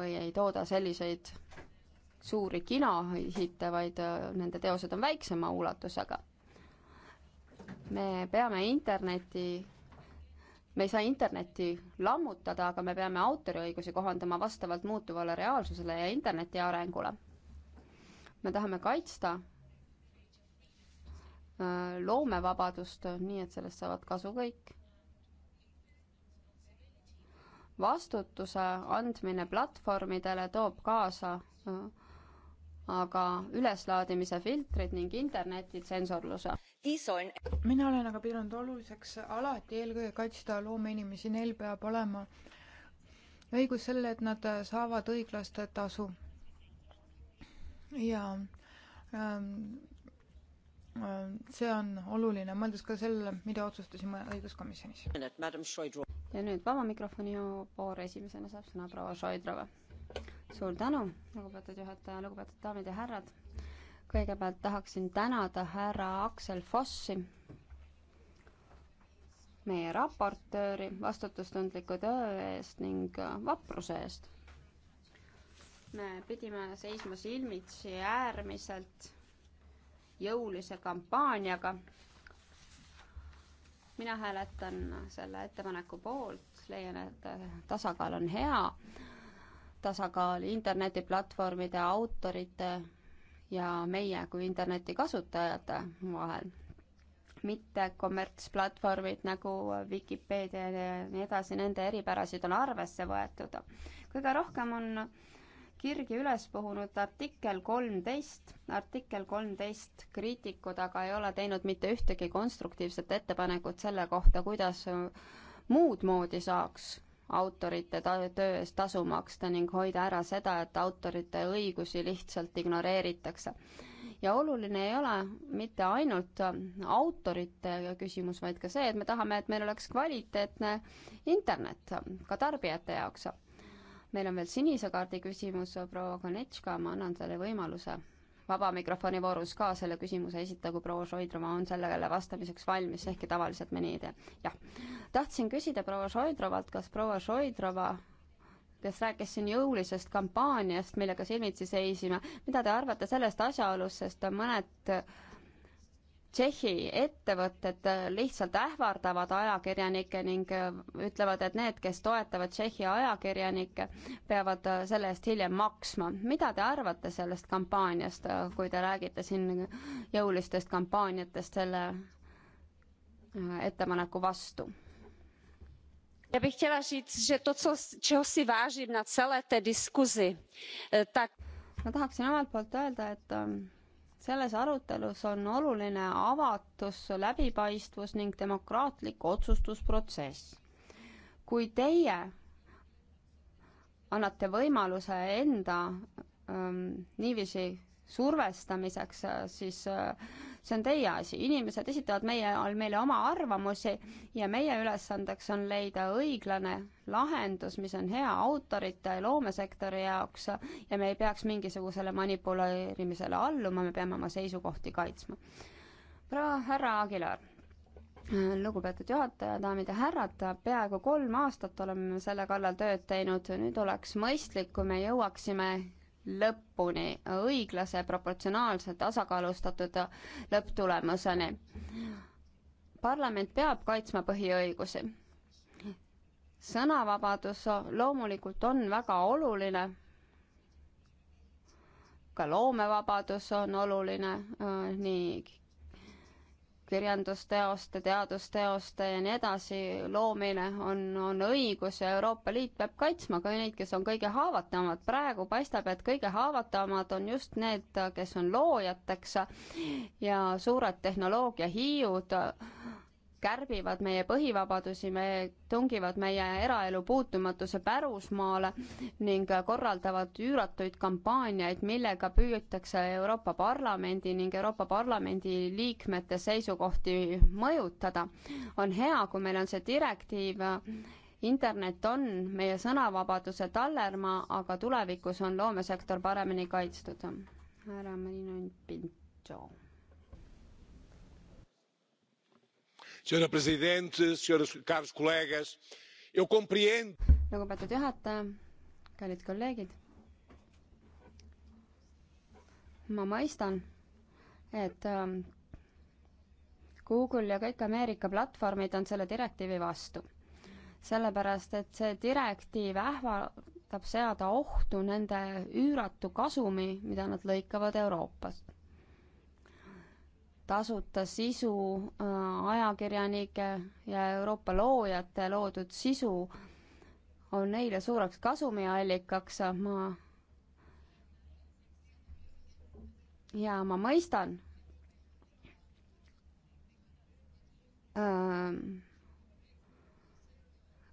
Speaker 3: või ei tooda selliseid suuri kinohitte, vaid äh, nende teosed on väiksema ulatusega. me peame interneti, me ei saa internetti lammutada, aga me peame autoriõigusi kohandama vastavalt muutuvale reaalsusele ja interneti arengule. me tahame kaitsta äh, loomevabadust, nii et sellest saavad kasu kõik vastutuse andmine platvormidele toob kaasa äh, aga üleslaadimise filtrid ning interneti tsensorluse.
Speaker 1: mina olen aga pidanud oluliseks alati eelkõige kaitsta loomeinimesi, neil peab olema õigus sellele, et nad saavad õiglast tasu. ja ähm, ähm see on oluline, mõeldes ka sellele, mida otsustasime õiguskomisjonis.
Speaker 3: ja nüüd vaba mikrofoni voor, esimesena saab sõna proua Šoidrova suur tänu, lugupeetud juhataja, lugupeetud daamid ja härrad. kõigepealt tahaksin tänada härra Aksel Fossi, meie raportööri vastutustundliku töö eest ning äh, vapruse eest. me pidime seisma silmitsi äärmiselt jõulise kampaaniaga. mina hääletan selle ettepaneku poolt, leian, et äh, tasakaal on hea tasakaal internetiplatvormide autorite ja meie kui internetikasutajate vahel. mitte kommertsplatvormid nagu Vikipeedia ja nii edasi, nende eripärasid on arvesse võetud. kõige rohkem on kirgi üles puhunud artikkel kolmteist, artikkel kolmteist kriitikud aga ei ole teinud mitte ühtegi konstruktiivset ettepanekut selle kohta, kuidas muud moodi saaks autorite töö eest tasu maksta ning hoida ära seda, et autorite õigusi lihtsalt ignoreeritakse. ja oluline ei ole mitte ainult autorite küsimus, vaid ka see, et me tahame, et meil oleks kvaliteetne internet ka tarbijate jaoks. meil on veel sinise kaardi küsimus, proua Konetška, ma annan selle võimaluse vaba mikrofoni voorus ka selle küsimuse esita, kui proua Šoidrova on sellele vastamiseks valmis, ehkki tavaliselt me nii ei tee. jah. tahtsin küsida proua Šoidrovalt, kas proua Šoidrova kes rääkis siin jõulisest kampaaniast, millega silmitsi seisime, mida te arvate sellest asjaolust, sest mõned Tšehhi ettevõtted lihtsalt ähvardavad ajakirjanikke ning äh, ütlevad, et need, kes toetavad Tšehhi ajakirjanikke, peavad äh, selle eest hiljem maksma. mida te arvate sellest kampaaniast, äh, kui te räägite siin jõulistest kampaaniatest selle ettepaneku vastu? já bych chtěla říct že to čeho si vážím na celé té diskusi eh, tak ma tahaksin omalt poolt öelda et ähm, selles arutelus on oluline avatus, läbipaistvus ning demokraatlik otsustusprotsess. kui teie annate võimaluse enda ähm, niiviisi survestamiseks, äh, siis äh, see on teie asi, inimesed esitavad meie, meile oma arvamusi ja meie ülesandeks on leida õiglane lahendus, mis on hea autorite ja loomesektori jaoks ja me ei peaks mingisugusele manipuleerimisele alluma, me peame oma seisukohti kaitsma. proua härra Agilar lugupeetud juhataja, daamid ja härrad, peaaegu kolm aastat oleme selle kallal tööd teinud, nüüd oleks mõistlik, kui me jõuaksime lõpuni õiglase, proportsionaalse, tasakaalustatud lõpptulemuseni. parlament peab kaitsma põhiõigusi. sõnavabadus loomulikult on väga oluline, ka loomevabadus on oluline, äh, nii kirjandusteoste, teadusteoste ja nii edasi loomine on, on õigus ja Euroopa Liit peab kaitsma ka neid, kes on kõige haavatavamad. praegu paistab, et kõige haavatavamad on just need, kes on loojateks ja suured tehnoloogiahiiud kärbivad meie põhivabadusi, me tungivad meie eraelu puutumatuse pärusmaale ning korraldavad üüratuid kampaaniaid, millega püütakse Euroopa Parlamendi ning Euroopa Parlamendi liikmete seisukohti mõjutada. on hea, kui meil on see direktiiv internet on meie sõnavabaduse tallermaa, aga tulevikus on loomesektor paremini kaitstud. härra Marino Pintšo lugupeetud juhataja, kallid kolleegid. ma mõistan, et ähm, Google ja kõik Ameerika platvormid on selle direktiivi vastu. sellepärast, et see direktiiv ähvardab seada ohtu nende üüratu kasumi, mida nad lõikavad Euroopast tasuta sisu, äh, ajakirjanike ja Euroopa loojate loodud sisu on neile suureks kasumiallikaks, ma ja ma mõistan ähm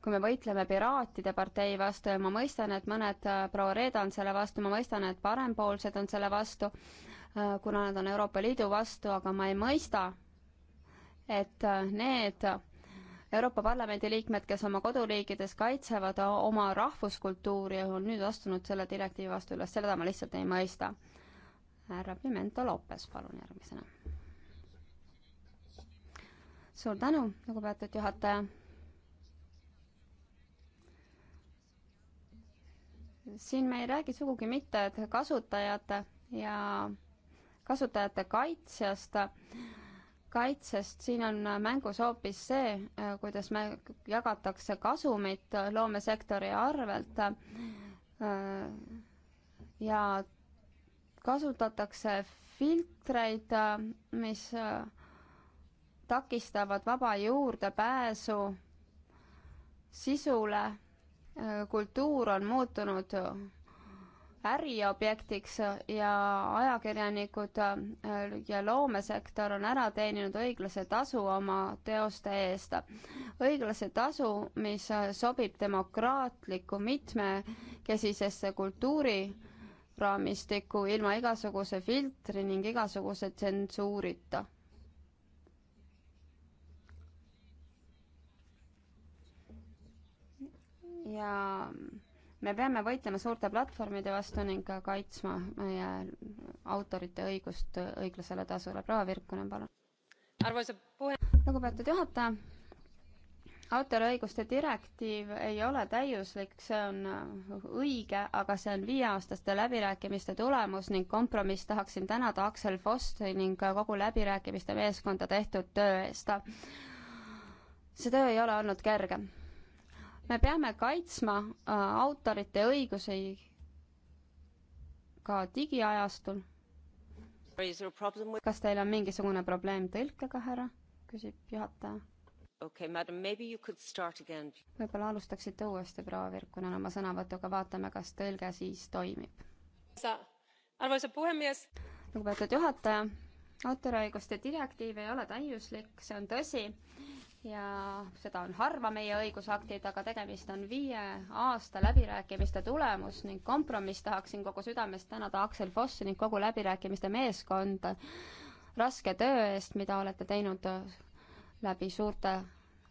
Speaker 3: kui me võitleme Piraatide partei vastu ja ma mõistan, et mõned äh, proua Reeda on selle vastu, ma mõistan, et parempoolsed on selle vastu, Äh, kuna nad on Euroopa Liidu vastu, aga ma ei mõista, et äh, need Euroopa Parlamendi liikmed, kes oma koduriikides kaitsevad oma rahvuskultuuri, on nüüd astunud selle direktiivi vastu üles, seda ma lihtsalt ei mõista. härra Pimento Lopes, palun järgmisena. suur tänu, lugupeetud juhataja siin me ei räägi sugugi mitte kasutajate ja kasutajate kaitsjast, kaitsest, siin on mängus hoopis see, kuidas me jagatakse kasumit loomesektori arvelt ja kasutatakse filtreid, mis takistavad vaba juurdepääsu sisule. kultuur on muutunud äriobjektiks ja ajakirjanikud äh, ja loomesektor on ära teeninud õiglase tasu oma teoste eest. õiglase tasu, mis äh, sobib demokraatliku mitmekesisesse kultuuriraamistikku ilma igasuguse filtri ning igasuguse tsensuurita. ja me peame võitlema suurte platvormide vastu ning ka kaitsma meie autorite õigust õiglasele tasule. proua Virkunen, palun. lugupeetud juhataja, autoriõiguste direktiiv ei ole täiuslik, see on õige, aga see on viieaastaste läbirääkimiste tulemus ning kompromiss. tahaksin tänada Aksel Fostri ning kogu läbirääkimiste meeskonda tehtud töö eest. see töö ei ole olnud kerge me peame kaitsma äh, autorite õigusi ka digiajastul. kas teil on mingisugune probleem tõlkega, härra? küsib juhataja. Okay, madam, maybe you could start again. võib-olla alustaksite uuesti, proua Virkunen, oma sõnavõtuga, vaatame, kas tõlge siis toimib. arvoisa puhemies. lugupeetud juhataja, autoriõiguste direktiiv ei ole täiuslik, see on tõsi ja seda on harva meie õigusaktid, aga tegemist on viie aasta läbirääkimiste tulemus ning kompromiss tahaksin kogu südamest tänada Aksel Fossi ning kogu läbirääkimiste meeskonda raske töö eest, mida olete teinud läbi suurte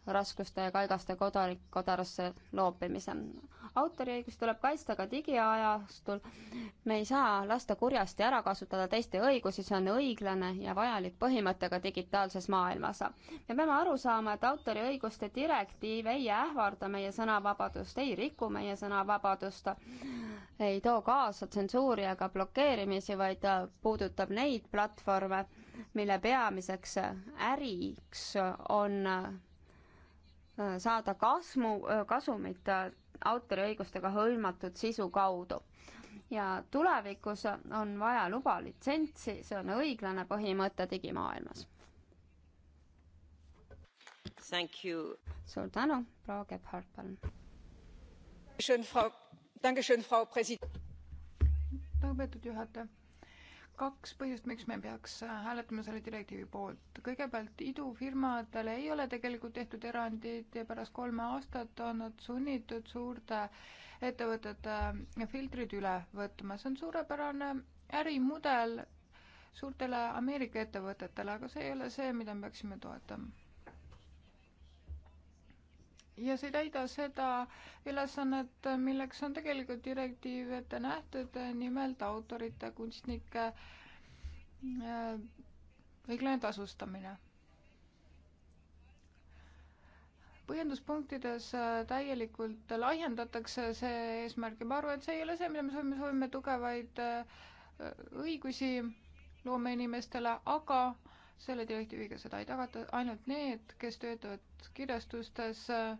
Speaker 3: raskuste ja kaigaste kodanik, kodarasse loopimise. autoriõigusi tuleb kaitsta ka digiajastul. me ei saa lasta kurjasti ära kasutada teiste õigusi, see on õiglane ja vajalik põhimõte ka digitaalses maailmas. me peame aru saama, et autoriõiguste direktiiv ei ähvarda meie sõnavabadust, ei riku meie sõnavabadust, ei too kaasa tsensuuri ega blokeerimisi, vaid puudutab neid platvorme, mille peamiseks äriks on Äh, saada kasmu, äh, kasumit äh, autoriõigustega hõlmatud sisu kaudu. ja tulevikus on vaja luba litsentsi, see on õiglane põhimõte digimaailmas. suur tänu, proua Gebhard, palun.
Speaker 1: lugupeetud juhataja kaks põhjust, miks me peaks äh, hääletama selle direktiivi poolt. kõigepealt idufirmadele ei ole tegelikult tehtud erandid ja pärast kolme aastat on nad sunnitud suurte ettevõtete äh, filtrid üle võtma. see on suurepärane ärimudel suurtele Ameerika ettevõtetele, aga see ei ole see, mida me peaksime toetama ja see ei täida seda ülesannet, milleks on tegelikult direktiiv ette nähtud, nimelt autorite, kunstnike äh, õiglane tasustamine. põhjenduspunktides äh, täielikult lahjendatakse see eesmärk ja ma arvan, et see ei ole see, mida me soovime, soovime tugevaid äh, õigusi loomeinimestele, aga selle direktiiviga seda ei tagata, ainult need, kes töötavad kirjastustes, äh,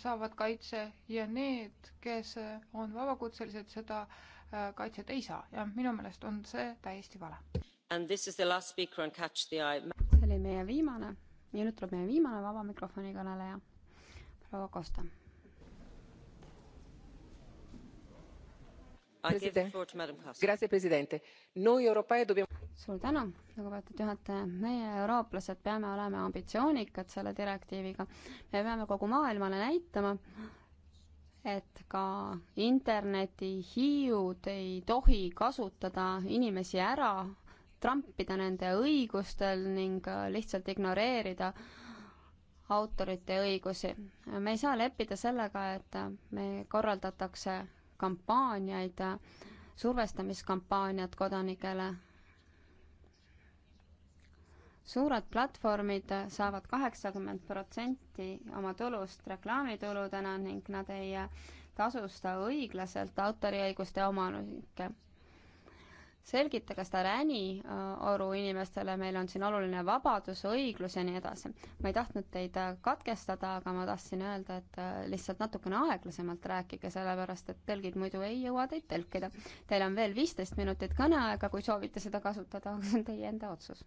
Speaker 1: saavad kaitse ja need, kes on vabakutselised, seda äh, kaitset ei saa ja minu meelest on see täiesti vale.
Speaker 3: see oli meie viimane ja nüüd tuleb meie viimane vaba mikrofoni kõneleja, proua Kosta.
Speaker 2: Presidente, grazie
Speaker 3: Presidente. Noi europei dobbiamo suur tänu, lugupeetud juhataja. meie, eurooplased, peame olema ambitsioonikad selle direktiiviga. me peame kogu maailmale näitama, et ka internetihiiud ei tohi kasutada inimesi ära, trampida nende õigustel ning äh, lihtsalt ignoreerida autorite õigusi. me ei saa leppida sellega, et äh, me korraldatakse kampaaniaid, äh, survestamiskampaaniad kodanikele suured platvormid saavad kaheksakümmend protsenti oma tulust reklaamituludena ning nad ei tasusta õiglaselt autoriõiguste omanikke. selgitage seda ränioru äh, inimestele, meil on siin oluline vabadus, õiglus ja nii edasi. ma ei tahtnud teid äh, katkestada, aga ma tahtsin öelda, et äh, lihtsalt natukene aeglasemalt rääkige, sellepärast et tõlgid muidu ei jõua teid tõlkida. Teil on veel viisteist minutit kõneaega, kui soovite seda kasutada, see on teie enda otsus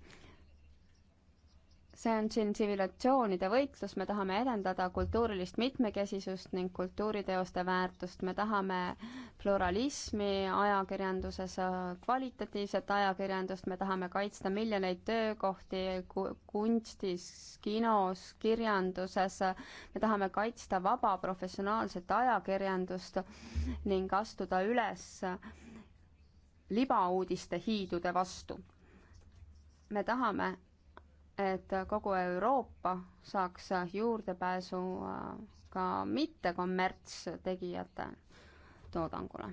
Speaker 3: see on siin tsivilisatsioonide võitlus, me tahame edendada kultuurilist mitmekesisust ning kultuuriteoste väärtust, me tahame pluralismi ajakirjanduses, kvalitatiivset ajakirjandust, me tahame kaitsta miljoneid töökohti kunstis, kinos, kirjanduses, me tahame kaitsta vaba professionaalset ajakirjandust ning astuda üles libauudiste hiidude vastu. me tahame et kogu Euroopa saaks juurdepääsu äh, ka mittekommertstegijate toodangule.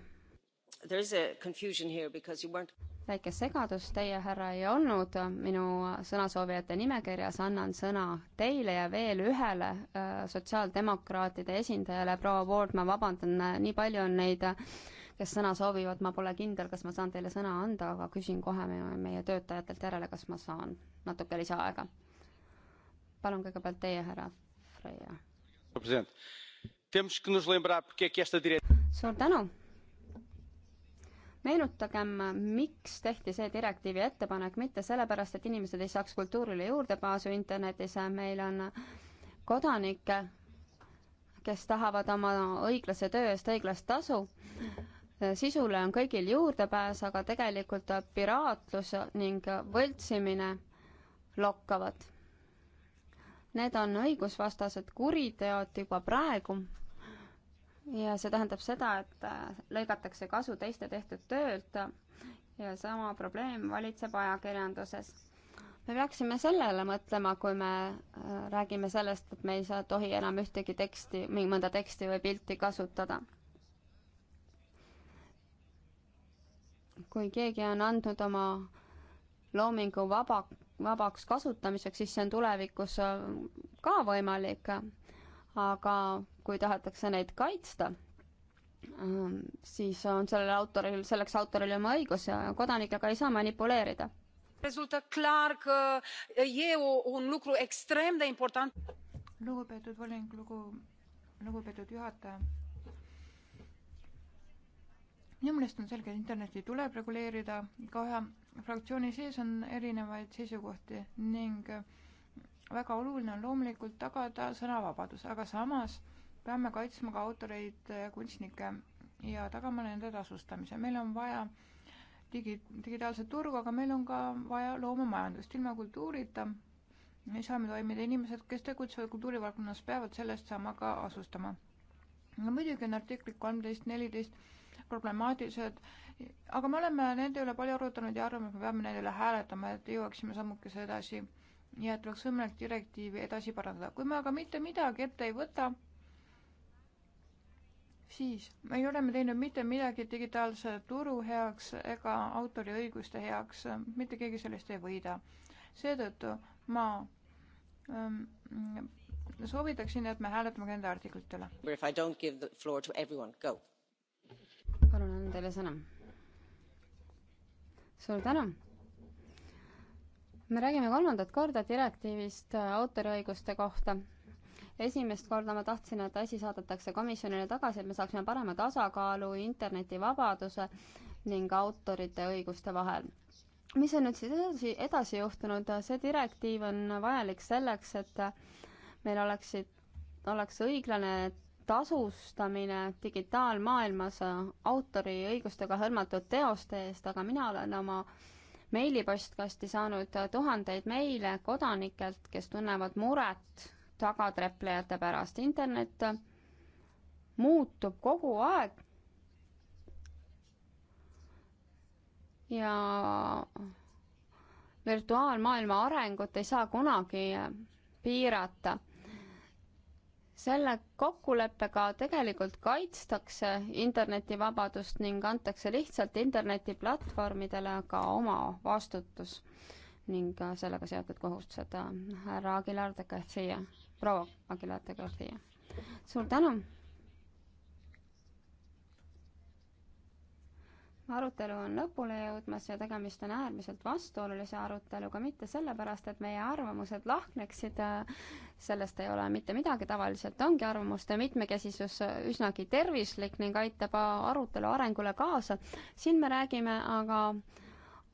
Speaker 3: väike segadus, teie härra ei olnud minu sõnasoovijate nimekirjas, annan sõna teile ja veel ühele äh, sotsiaaldemokraatide esindajale, proua Ward, ma vabandan, äh, nii palju on neid, kes sõna soovivad, ma pole kindel, kas ma saan teile sõna anda, aga küsin kohe meie töötajatelt järele, kas ma saan natuke lisaaega. palun kõigepealt teie, härra Freia. suur tänu. meenutagem, miks tehti see direktiivi ettepanek, mitte sellepärast, et inimesed ei saaks kultuurile juurdepääsu internetis, meil on kodanikke, kes tahavad oma õiglase töö eest õiglast tasu sisule on kõigil juurdepääs, aga tegelikult piraatlus ning võltsimine lokkavad. Need on õigusvastased kuriteod juba praegu ja see tähendab seda, et äh, lõigatakse kasu teiste tehtud töölt ja sama probleem valitseb ajakirjanduses. me peaksime sellele mõtlema, kui me äh, räägime sellest, et me ei saa, tohi enam ühtegi teksti, mõnda teksti või pilti kasutada. kui keegi on andnud oma loomingu vaba vabaks kasutamiseks, siis see on tulevikus äh, ka võimalik. aga kui tahetakse neid kaitsta, ähm, siis on sellel autoril, selleks autoril oma õigus ja kodanikega ei saa manipuleerida.
Speaker 1: resultă clar că e o, un lucru extrem de important. lugupeetud volinik, lugu, lugupeetud juhataja minu meelest on selge, et Internetti tuleb reguleerida, kahe fraktsiooni sees on erinevaid seisukohti ning väga oluline on loomulikult tagada sõnavabadus, aga samas peame kaitsma ka autoreid ja kunstnikke ja tagama nende tasustamise. meil on vaja digi, digitaalset turgu, aga meil on ka vaja loomemajandust. ilma kultuurita ei saa me toimida. inimesed, kes tegutsevad kultuurivaldkonnas, peavad sellest saama ka asustama. no muidugi on artiklid kolmteist, neliteist problemaatilised, aga me oleme nende üle palju arutanud ja arvame, et me peame nende üle hääletama, et jõuaksime sammukese edasi ja et oleks võimalik direktiivi edasi parandada. kui me aga mitte midagi ette ei võta, siis me ei ole me teinud mitte midagi digitaalse turu heaks ega autoriõiguste heaks, mitte keegi sellest ei võida. seetõttu ma ähm, soovitaksin, et me hääletame ka nende artiklite
Speaker 3: üle palun, annan teile sõna. suur tänu. me räägime kolmandat korda direktiivist äh, autoriõiguste kohta. esimest korda ma tahtsin, et asi saadetakse komisjonile tagasi, et me saaksime parema tasakaalu internetivabaduse ning autorite õiguste vahel mis on nüüd siis edasi, edasi juhtunud, see direktiiv on vajalik selleks, et meil oleksid, oleks õiglane tasustamine digitaalmaailmas autoriõigustega hõlmatud teoste eest, aga mina olen oma meilipostkasti saanud tuhandeid meile kodanikelt, kes tunnevad muret tagatreplejate pärast. internet muutub kogu aeg ja virtuaalmaailma arengut ei saa kunagi piirata selle kokkuleppega tegelikult kaitstakse internetivabadust ning antakse lihtsalt internetiplatvormidele ka oma vastutus ning sellega seotud kohustused. härra Aguilar de Garcia, proua Aguilar de Garcia, suur tänu! arutelu on lõpule jõudmas ja tegemist on äärmiselt vastuolulise aruteluga, mitte sellepärast, et meie arvamused lahkneksid, sellest ei ole mitte midagi, tavaliselt ongi arvamuste mitmekesisus üsnagi tervislik ning aitab arutelu arengule kaasa. siin me räägime aga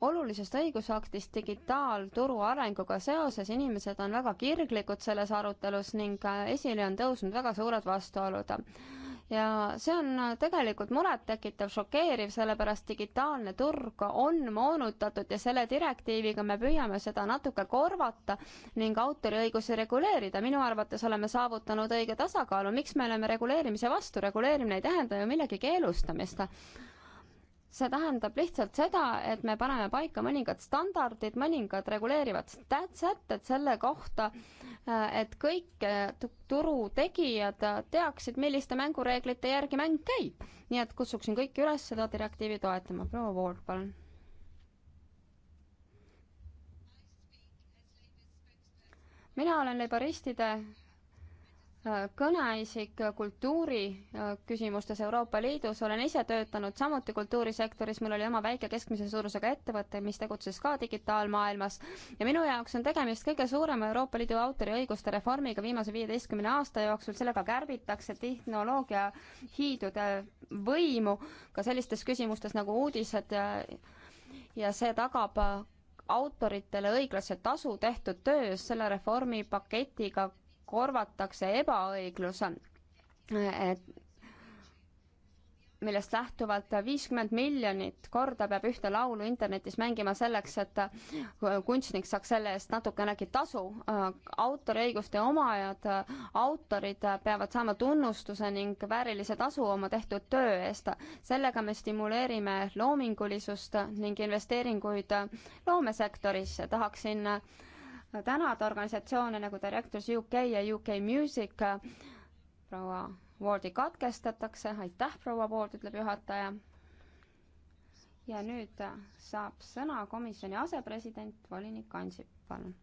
Speaker 3: olulisest õigusaktist digitaalturu arenguga seoses, inimesed on väga kirglikud selles arutelus ning esile on tõusnud väga suured vastuolud ja see on äh, tegelikult murettekitav, šokeeriv, sellepärast digitaalne turg on moonutatud ja selle direktiiviga me püüame seda natuke korvata ning autoriõigusi reguleerida. minu arvates oleme saavutanud õige tasakaalu, miks me oleme reguleerimise vastu, reguleerimine ei tähenda ju millegi keelustamist see tähendab lihtsalt seda, et me paneme paika mõningad standardid, mõningad reguleerivad sätted selle kohta, äh, et kõik äh, turutegijad teaksid, milliste mängureeglite järgi mäng käib. nii et kutsuksin kõiki üles seda direktiivi toetama. proua Vool, palun. mina olen laboristide kõneisik kultuuri äh, küsimustes Euroopa Liidus, olen ise töötanud samuti kultuurisektoris, mul oli oma väike keskmise suurusega ettevõte, mis tegutses ka digitaalmaailmas ja minu jaoks on tegemist kõige suurema Euroopa Liidu autoriõiguste reformiga viimase viieteistkümne aasta jooksul, sellega kärbitakse tehnoloogia hiidude võimu ka sellistes küsimustes nagu uudised ja, ja see tagab autoritele õiglase tasu tehtud töös, selle reformipaketiga korvatakse ebaõiglus, et millest lähtuvalt viiskümmend miljonit korda peab ühte laulu internetis mängima selleks, et kunstnik saaks selle eest natukenegi tasu. autoriõiguste omajad, autorid peavad saama tunnustuse ning väärilise tasu oma tehtud töö eest. sellega me stimuleerime loomingulisust ning investeeringuid loomesektorisse. tahaksin tänada organisatsioone nagu Directors UK ja UK Music. proua Wardi katkestatakse, aitäh, proua Ward, ütleb juhataja. ja nüüd saab sõna komisjoni asepresident, volinik Ansip, palun.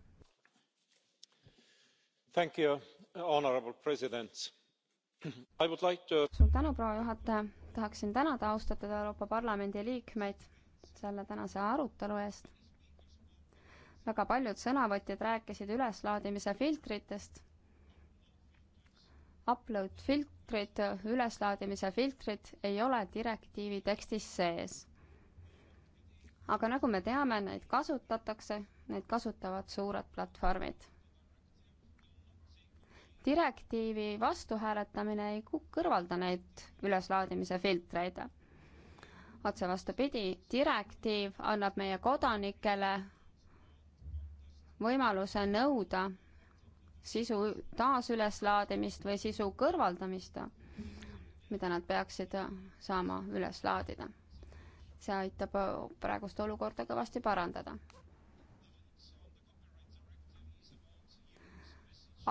Speaker 1: Thank you, honorable president. I would like to.
Speaker 3: suur tänu, proua juhataja. tahaksin tänada austatud Euroopa Parlamendi liikmeid selle tänase arutelu eest väga paljud sõnavõtjad rääkisid üleslaadimise filtritest. Upload filtrid, üleslaadimise filtrid ei ole direktiivi tekstis sees. aga nagu me teame, neid kasutatakse, neid kasutavad suured platvormid. direktiivi vastuhääletamine ei kõrvalda neid üleslaadimise filtreid otse vastupidi, direktiiv annab meie kodanikele võimaluse nõuda sisu taasüleslaadimist või sisu kõrvaldamist, mida nad peaksid saama üles laadida. see aitab praegust olukorda kõvasti parandada.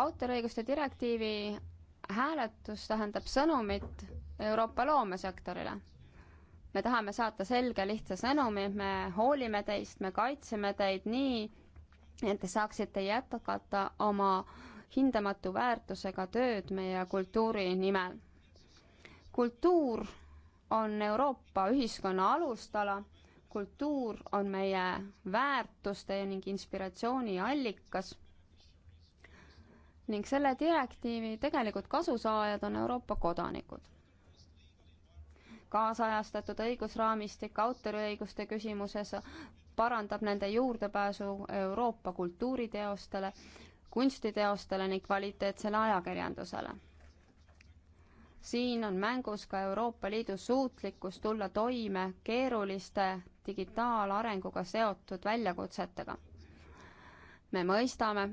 Speaker 3: autoriõiguste direktiivi hääletus tähendab sõnumit Euroopa loomesektorile. me tahame saata selge lihtsa sõnumi, me hoolime teist, me kaitseme teid nii, et te saaksite jätkata oma hindamatu väärtusega tööd meie kultuuri nimel. kultuur on Euroopa ühiskonna alustala, kultuur on meie väärtuste ning inspiratsiooni allikas ning selle direktiivi tegelikud kasusaajad on Euroopa kodanikud. kaasajastatud õigusraamistik autoriõiguste küsimuses parandab nende juurdepääsu Euroopa kultuuriteostele, kunstiteostele ning kvaliteetsele ajakirjandusele. siin on mängus ka Euroopa Liidu suutlikkus tulla toime keeruliste digitaalarenguga seotud väljakutsetega. me mõistame,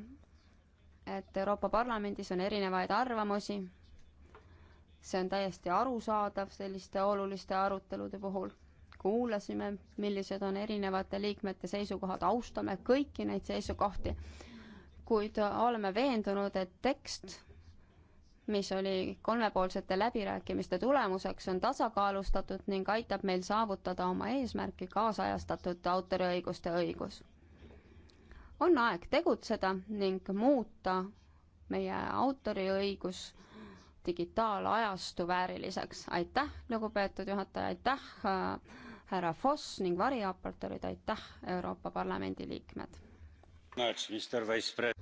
Speaker 3: et Euroopa Parlamendis on erinevaid arvamusi, see on täiesti arusaadav selliste oluliste arutelude puhul kuulasime, millised on erinevate liikmete seisukohad, austame kõiki neid seisukohti, kuid oleme veendunud, et tekst, mis oli kolmepoolsete läbirääkimiste tulemuseks, on tasakaalustatud ning aitab meil saavutada oma eesmärki kaasajastatud autoriõiguste õigus. on aeg tegutseda ning muuta meie autoriõigus digitaalajastu vääriliseks. aitäh, lugupeetud juhataja, aitäh äh, härra Foss ning variraportöörid, aitäh, Euroopa Parlamendi liikmed!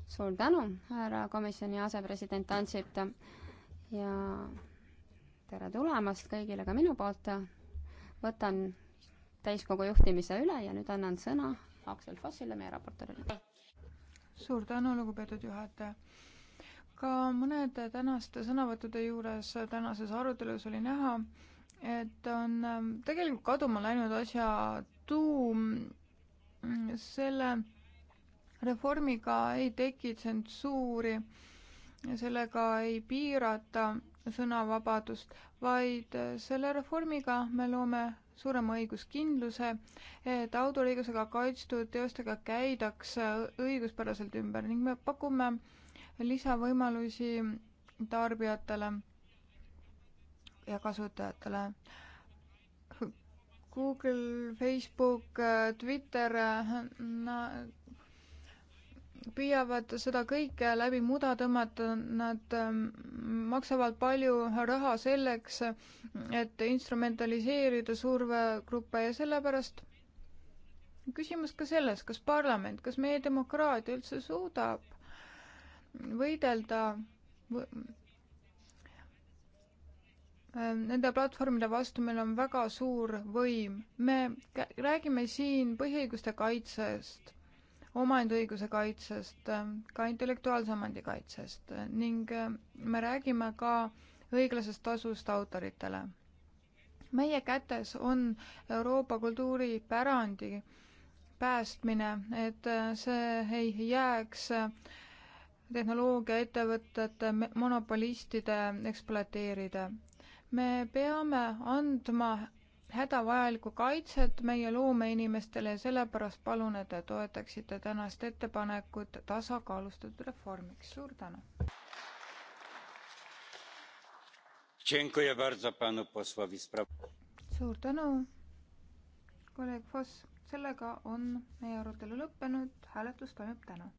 Speaker 3: suur tänu, härra komisjoni asepresident Ansip ja tere tulemast kõigile ka minu poolt. võtan täiskogu juhtimise üle ja nüüd annan sõna Aksel Fossile, meie raportöörile. suur
Speaker 1: tänu, lugupeetud juhataja ka mõnede tänaste sõnavõttude juures tänases arutelus oli näha, et on ähm, tegelikult kaduma läinud asja tuum. Mm, selle reformiga ei teki tsensuuri, sellega ei piirata sõnavabadust, vaid selle reformiga me loome suurema õiguskindluse, et autoriõigusega kaitstud teostega käidakse õiguspäraselt ümber ning me pakume lisavõimalusi tarbijatele ja kasutajatele. Google, Facebook, Twitter na, püüavad seda kõike läbi muda tõmmata, nad ähm, maksavad palju raha selleks, et instrumentaliseerida survegruppe ja sellepärast küsimus ka selles, kas parlament, kas meie demokraatia üldse suudab võidelda võ Ehm, nende platvormide vastu meil on väga suur võim. me räägime siin põhiõiguste kaitsest, omandiõiguse kaitsest, ehm, ka intellektuaalse omandi kaitsest ning ehm, me räägime ka õiglasest tasust autoritele. meie kätes on Euroopa kultuuripärandi päästmine, et see ei jääks tehnoloogiaettevõtete monopolistide ekspluateerida me peame andma hädavajalikku kaitset meie loomeinimestele ja sellepärast palun, et te toetaksite tänast ettepanekut tasakaalustatud reformiks. suur tänu. suur tänu, kolleeg Foss. sellega on meie arutelu lõppenud, hääletus toimub täna.